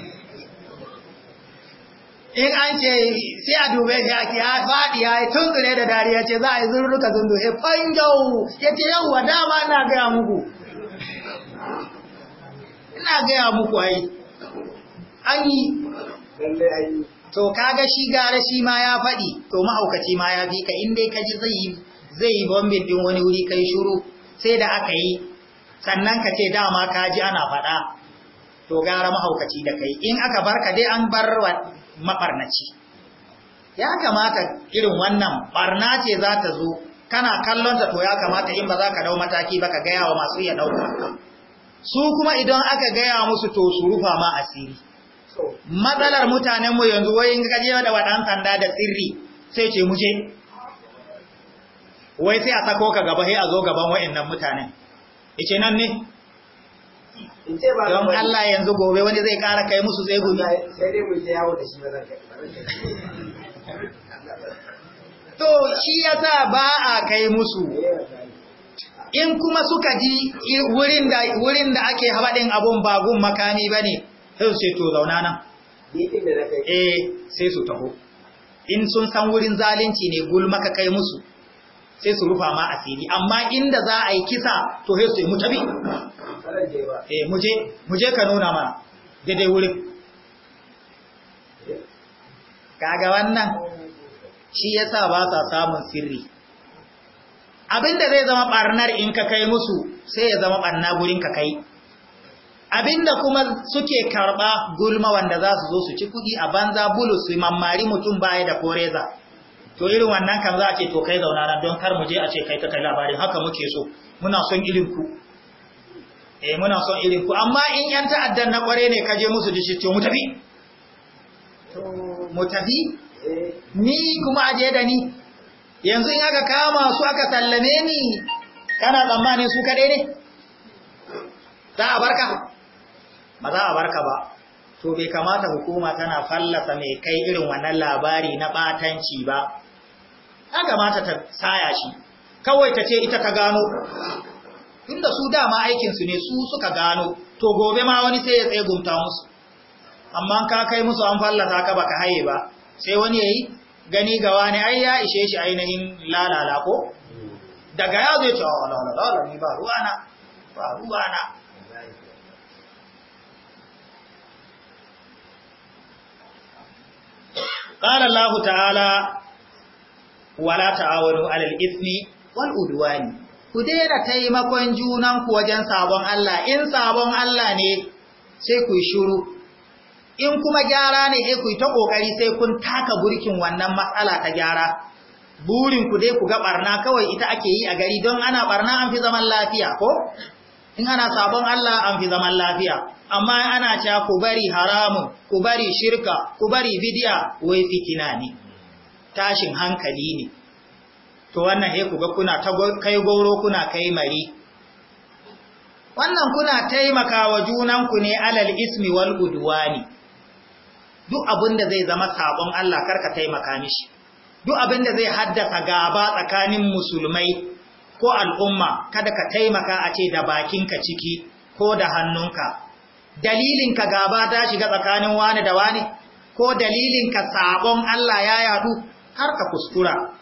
in an ce sai a dube shi a ya faɗi ya yi tunkure da dariya ce za a yi zurruka zundu e eh, fangau ya ce yawwa dama ina gaya muku ina gaya muku ai an yi to kaga shi gara shi ma ya faɗi to mahaukaci ma ya fi ka in dai ka ji zai yi bombin din wani wuri kai shuru sai da aka yi sannan ka ce dama ka ji ana faɗa to gara mahaukaci da kai in aka barka dai an bar maɓarnaci. ya kamata irin wannan barna ce za ta zo kana kallonta to ya kamata in ba za ka dau mataki ba ka gaya wa masu iya ɗauka su kuma idan aka gaya musu to su rufa ma asiri matsalar mutanenmu yanzu wai in je da wadan sanda da sirri sai ce muje wai sai a sako ka gaba sai a zo gaban wa'annan mutanen ice nan ne don Allah yanzu gobe wani zai kara kai musu zai gumi to shi ya yasa ba a kai musu in kuma suka ji wurin da ake haɗin abun bagun makami ba ne, sai su to zauna nan eh sai su taho in sun san wurin zalunci ne gulma ka kai musu sai su rufa ma asiri amma inda za a yi kisa to sai su yi mutabi eh muje muje ka nuna mana daidai wurin kaga wannan shi yasa ba sa samun sirri abinda zai zama barnar in ka kai musu sai ya zama barna gurin ka kai abinda kuma suke karba gulma wanda za su zo su ci kudi a banza bulu su mamari mutum baya da koreza to irin wannan kan za a ce to kai zauna na don kar mu je a ce kai ka kai labarin haka muke so muna son ilinku eh muna son irin ku amma in yan ta'addan na kware ne kaje musu da to mu tafi to mu tafi ni kuma aje da ni yanzu in aka kama su aka sallame ni kana tsammanin su kaɗai ne za a barka ba za a barka ba to bai kamata hukuma tana fallasa mai kai irin wannan labari na batanci ba ya kamata ta saya shi kawai ta ce ita ta gano tunda su dama aikinsu ne su suka gano to gobe ma wani sai ya tsaye gumta musu amma ka kai musu an fallasa ka baka haye ba sai wani yayi gani ga wani ai ya ishe shi ainihin lalala ko daga ya zai ce wa oh, lalala ni ba ruwa na, ba ruwa ruwana قال الله تعالى ولا تعاونوا على الإثم والعدوان ku daina taimakon junanku wajen sabon Allah in sabon Allah ne sai ku shiru in kuma gyara ne sai ku ta kokari sai kun taka burkin wannan matsala ta gyara burin ku dai ku ga barna kawai ita ake yi a gari don ana barna an fi zaman lafiya ko in ana sabon Allah an fi zaman lafiya amma ana cewa ku bari haramun ku bari shirka ku bari bidiya wai fitina ne tashin hankali ne to wannan he kuga kuna kai goro kuna kai mari wannan kuna taimaka wa ku ne alal ismi wal udwani duk abinda zai zama sabon Allah karka taimaka mishi duk abinda zai haddasa gaba tsakanin musulmai ko al'umma kada ka taimaka a ce da bakinka ciki ko da hannunka dalilinka gaba ta shiga tsakanin wani da wani ko dalilinka sabon Allah ya yadu har ka kuskura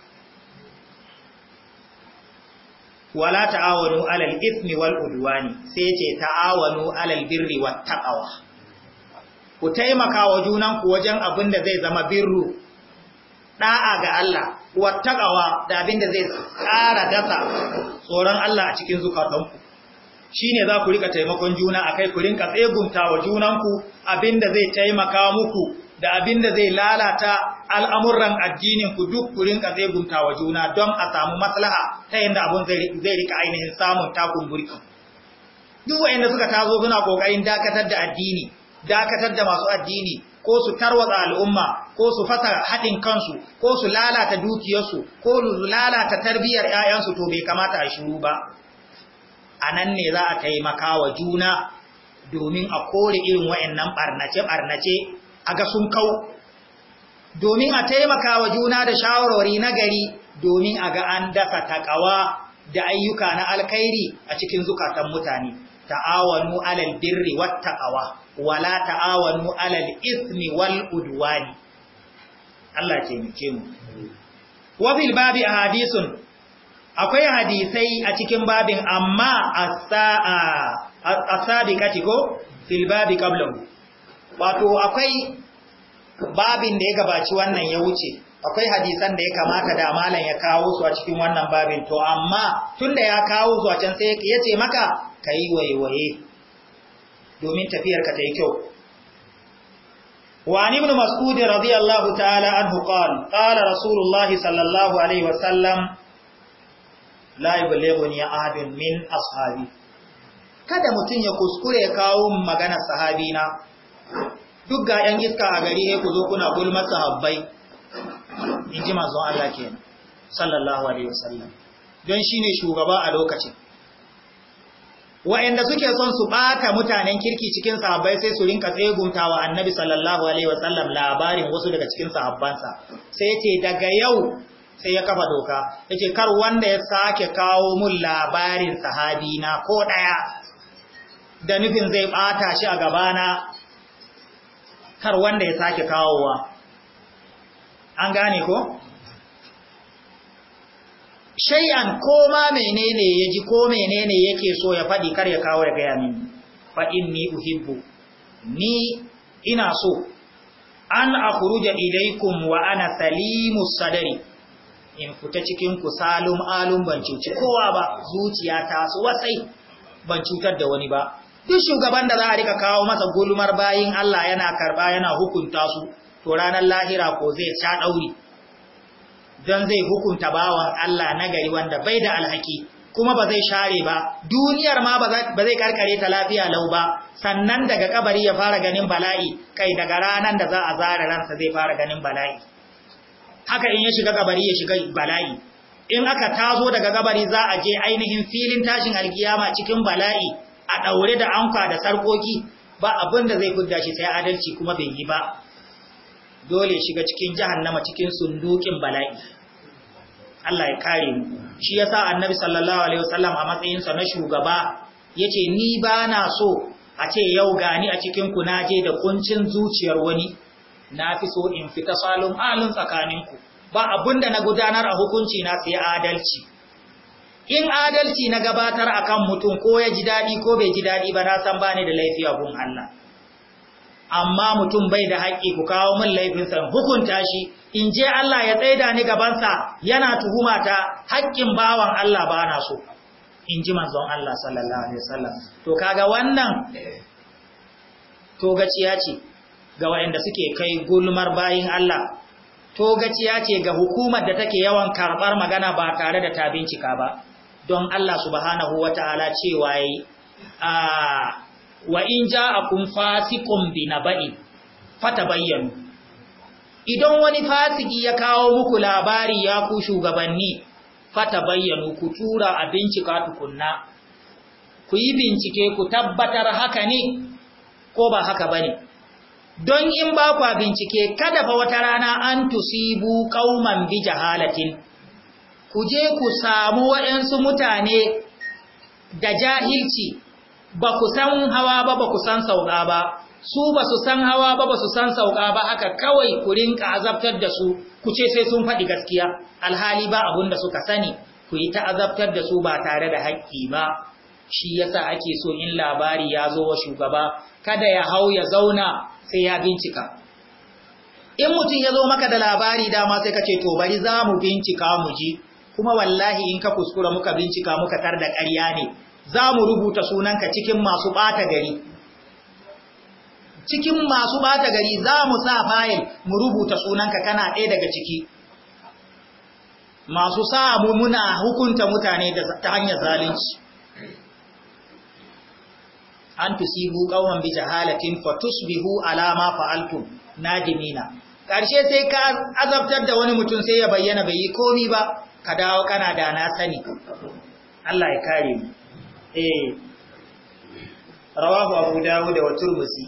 wala ta'awanu alal ismi wal udwani sai ce ta'awanu alal birri wat taqwa ku taimaka wa junan ku wajen abin da zai zama birru da'a ga Allah wat taqwa da abin da zai tsara dasa tsoron Allah a cikin ku shine za ku rika taimakon juna akai ku rinka tsegunta wa junanku abin da zai taimaka muku da abin da zai lalata al'amuran addinin ku duk ku zai gunta wa juna don a samu maslaha ta yadda abun zai rika ainihin samun takun burkin. duk wa'inda suka tazo suna ƙoƙarin dakatar da addini dakatar da masu addini ko su tarwatsa al'umma ko su fasa haɗin kansu ko su lalata dukiyarsu ko su lalata tarbiyyar ‘ya'yansu to bai kamata a shiru ba a nan ne za a taimaka wa juna domin a kore irin wa'yannan ɓarnace-ɓarnace a ga sun kau domin a taimaka wa juna da shawarwari na gari domin a ga an dafa takawa da ayyuka na alkhairi a cikin zukatan mutane ta'awanu alal birri wat taqwa wala ta'awanu alal ismi wal udwani Allah ya taimake mu wa fil babi ahadithun akwai hadisai a cikin babin amma as-sa'a as-sabiqati ko fil babi qablahu wato akwai babin da ya gabaci wannan ya wuce akwai hadisan da ya kamata da malam ya kawo su a cikin wannan babin to amma tunda ya kawo su a can sai ya ce maka ka yi waiwaye domin tafiyarka ta yi kyau وعن ابن مسعود رضي الله تعالى عنه قال قال رسول الله صلى الله عليه وسلم لا يبلغني أحد kada mutum ya kuskure kawo magana sahabina duk ga ‘yan iska a gari ku zo kuna gulmar habbai in ji masu Allah ke sallallahu alaihi wasallam don shi ne shugaba a lokacin wa'yanda suke son su ɓata mutanen kirki cikin sahabbai sai su rinka tsegunta wa annabi sallallahu alaihi wasallam labarin wasu daga cikin sahabbansa sai ce daga yau sai ya kafa doka ya ce kar wanda ya sake kawo mun labarin sahabi na ko ɗaya da nufin zai ɓata shi a gabana kar wanda ya sake kawowa an gane ko shay'an ko ma menene ya ji? ko menene yake so ya faɗi? kar ya kawo ya ga yamin fa inni uhibbu ni ina so an akhruja ilaykum wa ana Salimu Sadari. in fita cikin ku salum alum ban cuci kowa ba zuciya ta su wasai ban cutar da wani ba duk shugaban da za a rika kawo masa gulmar bayin Allah yana karba yana hukunta su to ranar lahira ko zai sha dauri don zai hukunta bawan Allah nagari wanda bai da alhaki kuma ba zai share ba duniyar ma ba zai karkare ta lafiya lau ba sannan daga kabari ya fara ganin bala'i kai daga ranar da za a zara ransa zai fara ganin bala'i haka in ya shiga kabari ya shiga bala'i in aka tazo daga kabari za a je ainihin filin tashin alkiyama cikin bala'i a ɗaure da anka da sarkoki ba abin da zai gudda shi sai adalci kuma bai yi ba dole shiga cikin jahannama cikin sundukin bala'i Allah ya kare mu shi yasa annabi sallallahu alaihi wasallam a matsayinsa na shugaba yace ni ba na so a ce yau gani a cikin ku je da kuncin zuciyar wani na fi so in fita salon alun tsakaninku ba abinda na gudanar a hukunci na sai adalci in adalci na gabatar akan mutum ko ya ji daɗi ko bai ji daɗi ba na san bani da laifi gun Allah amma mutum bai da haƙƙi ku kawo min laifin laifinsa hukunta shi in je Allah ya tsaida ni gabansa yana tuhuma ta haƙƙin bawan Allah ba na so in ji manzon Allah sallallahu alaihi wasallam to kaga wannan togaciya ce ga waɗanda suke kai gulmar bayin Allah togaciya ce ga hukumar da take yawan karɓar magana ba tare da ta bincika ba don Allah subhanahu ta'ala cewa yi a wa in ja'akum fasiqun fata fatabayyanu idan wani fasiki ya kawo muku labari ya ku shugabanni fatabayyanu ku tura a bincika tukunna ku yi bincike ku tabbatar haka ne ko ba haka bane don in ba ku bincike kada fa wata rana an tusibu qauman bi jahalatin ku je ku samu waɗansu mutane da jahilci ba ku san hawa ba ba ku san sauka ba su ba su san hawa ba ba su san sauƙa ba haka kawai ku rinka azabtar da su ku ce sai sun faɗi gaskiya alhali ba abun da suka sani ku yi ta azabtar da su ba tare da haƙƙi ba shi yasa ake so in labari ya zo wa shugaba kada ya hau ya zauna sai ya bincika in mutum ya zo maka da labari dama sai ka ce to bari za mu bincika mu ji kuma wallahi in ka kuskura muka bincika muka kar da ƙarya ne za mu rubuta sunanka cikin masu ɓata gari cikin masu ɓata gari za mu sa fayil mu rubuta sunanka kana ɗaya daga ciki masu sa mu muna hukunta mutane ta hanyar zalunci an tusibu qauman bi jahalatin alama ala ma fa'altum nadimina karshe sai ka azabtar da wani mutum sai ya bayyana bai yi komi ba ka dawo kana da na sani Allah ya kare mu eh rawahu abu dawud wa turmuzi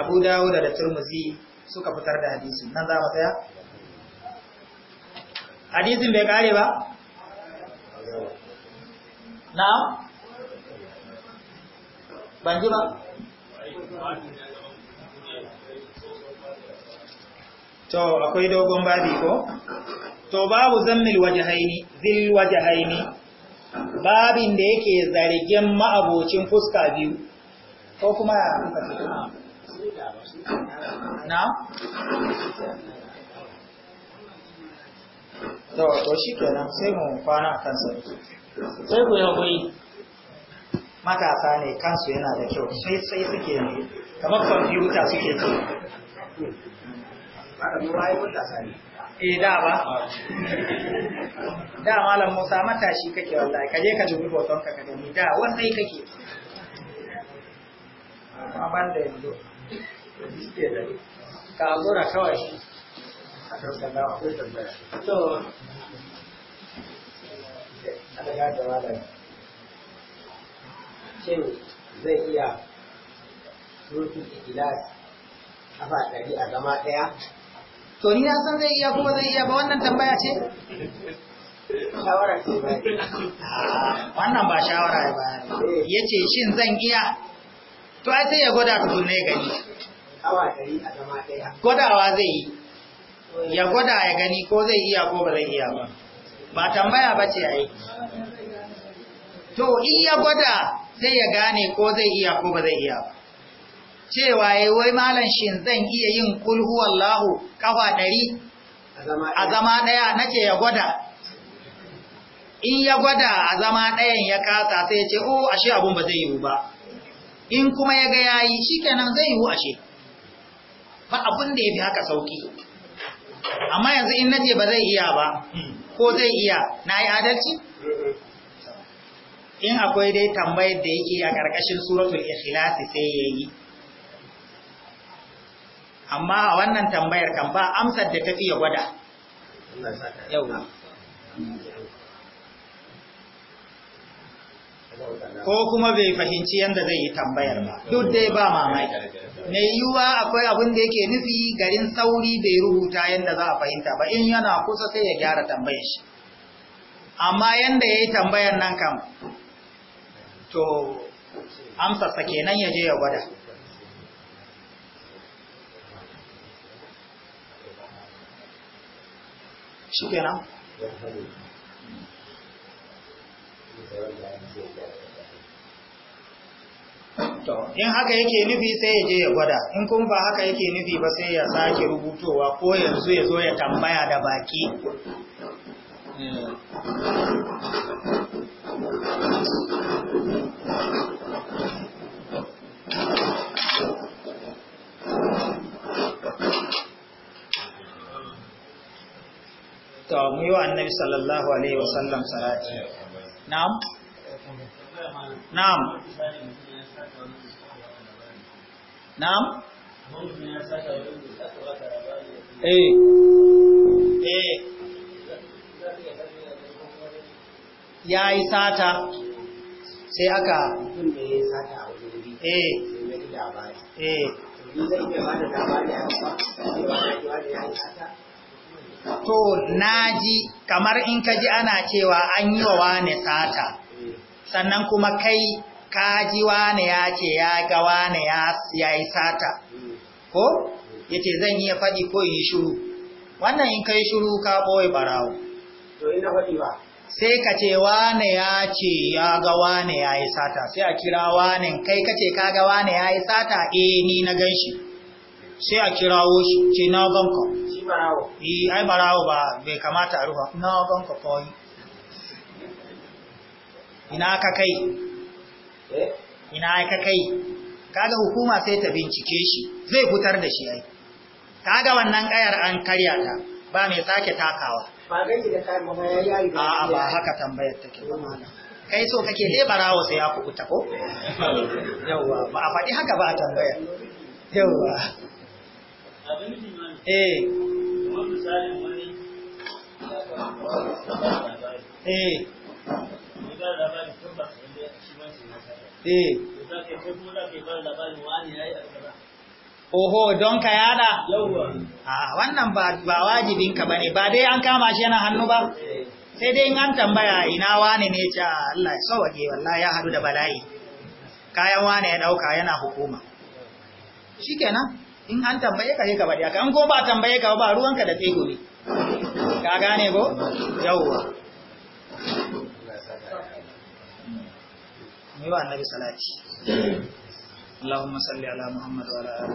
abu dawud da turmuzi suka fitar da hadisi nan za mu tsaya hadisin bai kare ba Na? ban ji ba to akwai dogon babi ko to babu zammil wajahaini zil wajahaini babin da yake zargin ma'abocin fuska biyu ko kuma ya na to to shikenan sai mu kwana kansa sai ku yi matasa ne kansu yana da kyau sai sai suke ne kamar kwamfuta suke ce eh da ba da malam Musa matashi kake wallahi kaje ka dubi hoton ka kaje ni da wannan kake amma ban da yanzu ka gora kawai a dauka da akwai tambaya to ana ga da malam shin zai iya rufin ikilas kafa ɗari a zama ɗaya to ni na san zai iya kuma zai iya ba wannan tambaya ce wannan ba shawara ba ce shin zan iya to ai sai ya gwada tukunne gani awa gwadawa zai yi ya gwada ya gani ko zai iya ko ba zai iya ba ba tambaya ba ce ai to iya ya gwada sai ya gane ko zai iya ko ba zai iya ba cewa ya wai malam shi zan iya yin kul wallahu kafa ɗari a zama daya nake ya gwada in ya gwada a zama dayan ya kasa sai ya ce oh ashe abun ba zai yiwu ba in kuma ya ga yayi shikenan zai yiwu ashe ba abun da yafi haka sauki amma yanzu in nace ba zai iya ba ko zai iya nayi adalci in akwai dai tambayar da yake a ƙarƙashin suratul ikhlasi sai yayi amma a wannan tambayar kan ba amsar da tafi ya gwada ko kuma bai fahimci yadda zai yi tambayar ba duk dai ba mamaki mai yiwuwa akwai abin da yake nufi garin sauri bai rubuta yadda za a fahimta ba in yana kusa sai ya gyara tambayar shi amma yadda ya yi tambayar nan kam to amsarsa kenan ya je ya gwada shi kenan To, in haka yake nufi sai ya je ya gwada, in kun ba haka yake nufi ba sai ya sake rubutowa ko yanzu ya zo ya tambaya da baki. Hmm. to mu yi wa annabi sallallahu alaihi wasallam salati na'am na'am na'am eh eh ya yi sata sai aka mutum eh eh to naji kamar in ka ji ana cewa an yi wa wane sata sannan kuma kai kaji wane ya ce ya ga wane ya yi sata ko ya ce zan iya faɗi ko yi shuru wannan in kai shuru ka ɓoye barawo sai ka ce wane ya ce ya ga wane ya yi sata sai a kira wane kai ka ce ka ga wane ya yi sata eh ni na gan shi sai a kirawo shi ce na ganka barawo ai barawo ba bai kamata a rufa na don ka ina kai eh? ina ka kai kaga hukuma sai ta bincike shi zai fitar da shi ai kaga wannan kayar an karya ta ba mai sake takawa ba gani da kai mama yayi a ba haka tambayar take ba kai so kake dai barawo sai ya ta ko yawa ba a faɗi haka ba a tambaya yawa eh Eh. Oho, don ka yada? Ah, wannan ba wajibinka ba ne, ba dai an kama shi yana hannu ba? Eh. Sai dai an tambaya ina wane ne ce Allah ya sauwaje wallahi ya hadu da bala'i. Kayan wane ya ɗauka yana hukuma. Shi kenan? in an tambaye ka sai ka faɗi haka in ko ba tambaye ka ba ruwanka da tsego ne ka gane ko yawwa mai ba annabi salati Muhammad wa ala ali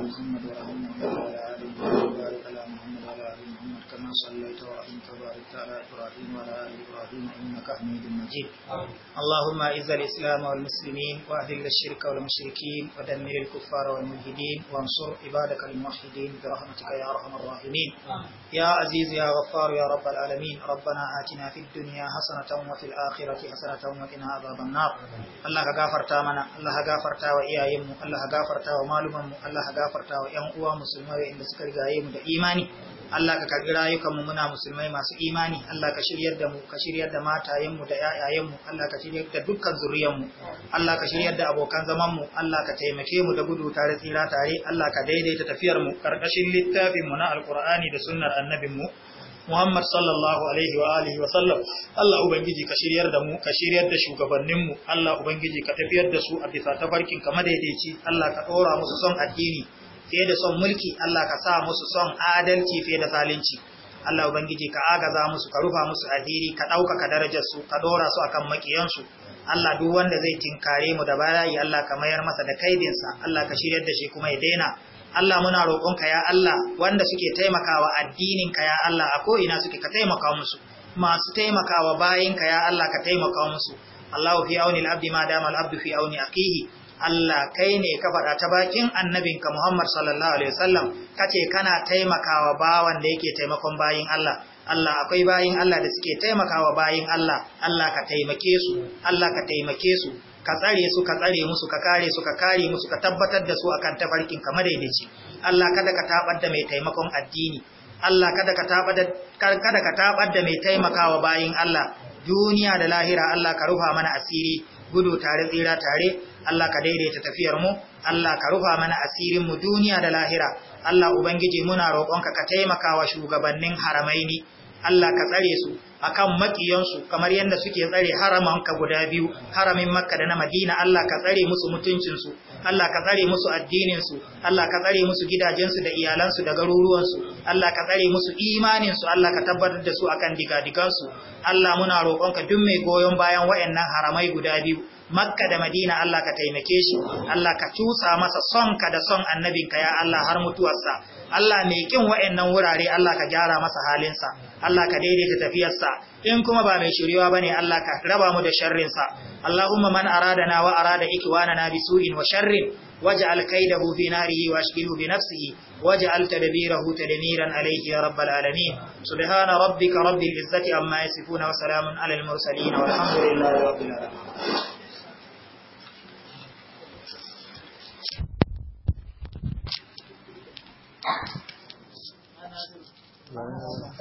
Muhammad كما صليت ورحمت وباركت على إبراهيم وعلى آل إبراهيم إنك حميد مجيد اللهم أعز الإسلام والمسلمين وأذل الشرك والمشركين ودمر الكفار والملحدين وانصر عبادك الموحدين برحمتك يا أرحم الراحمين يا عزيز يا غفار يا رب العالمين ربنا آتنا في الدنيا حسنة وفي الآخرة حسنة وقنا عذاب النار الله غفرتا منا الله غفرتا وإيايم الله غفرتا ومالومم الله غفرتا وإن قوى مسلمين وإن سكر غايم da imani Allah ka karbi rayukanmu muna musulmai masu imani Allah ka shiryar da mu ka shiryar da matayenmu da yayayenmu Allah ka shiryar da dukkan zuriyanmu Allah ka shiryar da abokan zamanmu Allah ka taimake mu da gudu tare tsira tare Allah ka daidaita tafiyar mu karkashin littafin mu na alqur'ani da sunnar annabinmu mu Muhammad sallallahu alaihi wa alihi wa sallam Allah ubangiji ka shiryar da mu ka shiryar da shugabannin mu Allah ubangiji ka tafiyar da su a bisa tafarkin ka madaidaici Allah ka dora musu son addini fiye da son mulki Allah ka sa musu son adalci fiye da zalunci Allah ubangiji ka agaza musu ka rufa musu asiri ka ɗaukaka darajar su ka dora su akan makiyansu Allah duk wanda zai tinkare mu da bala'i Allah ka mayar masa da kaidinsa Allah ka shiryar da shi kuma ya daina Allah muna roƙonka ya Allah wanda suke taimakawa addinin ka, ya Allah a ko'ina suke ka taimaka musu masu taimakawa ka ya Allah ka taimaka musu Allahu fi auni al-abdi ma dama al-abdu fi auni aqihi Allah kai ne ka faɗa ta bakin annabinka Muhammad sallallahu alaihi wasallam kace kana taimakawa bawan da yake taimakon bayin Allah Allah akwai bayin Allah da suke taimakawa bayin Allah Allah ka taimake su Allah ka taimake su ka tsare su ka tsare musu ka kare su ka kare musu ka tabbatar da su akan tafarkin ka madaidaici Allah kada ka tabar da mai taimakon addini Allah kada ka tabar da da mai taimakawa bayin Allah duniya da lahira Allah ka rufa mana asiri gudu tare tsira tare Allah ka daidaita tafiyar mu Allah ka rufa mana asirin mu duniya da lahira Allah ubangiji muna roƙonka ka taimaka wa shugabannin haramaini Allah ka tsare su akan makiyansu kamar yadda suke tsare haramanka guda biyu haramin Makka da na Madina Allah ka tsare musu mutuncinsu Allah ka tsare musu addininsu Allah ka tsare musu gidajensu da iyalansu da garuruwansu Allah ka tsare musu imaninsu Allah ka tabbatar da su akan digadigansu Allah muna roƙonka duk mai goyon bayan waɗannan haramai guda biyu makka da madina Allah ka taimake shi Allah ka cusa masa son ka da son annabinka ya Allah har mutuwarsa Allah mai kin wa'annan wurare Allah ka gyara masa halinsa Allah ka daidaita tafiyarsa in kuma ba mai shiriwa bane Allah ka raba mu da sharrinsa Allahumma man aradana wa arada ikwanana bisu'in wa sharrin waj'al kaydahu fi narihi washghilhu bi nafsihi waj'al tadbirahu tadmiran alayhi ya rabbal alamin subhana rabbika rabbil izzati amma yasifuna wa salamun alal mursalin walhamdulillahi rabbil alamin Thank you.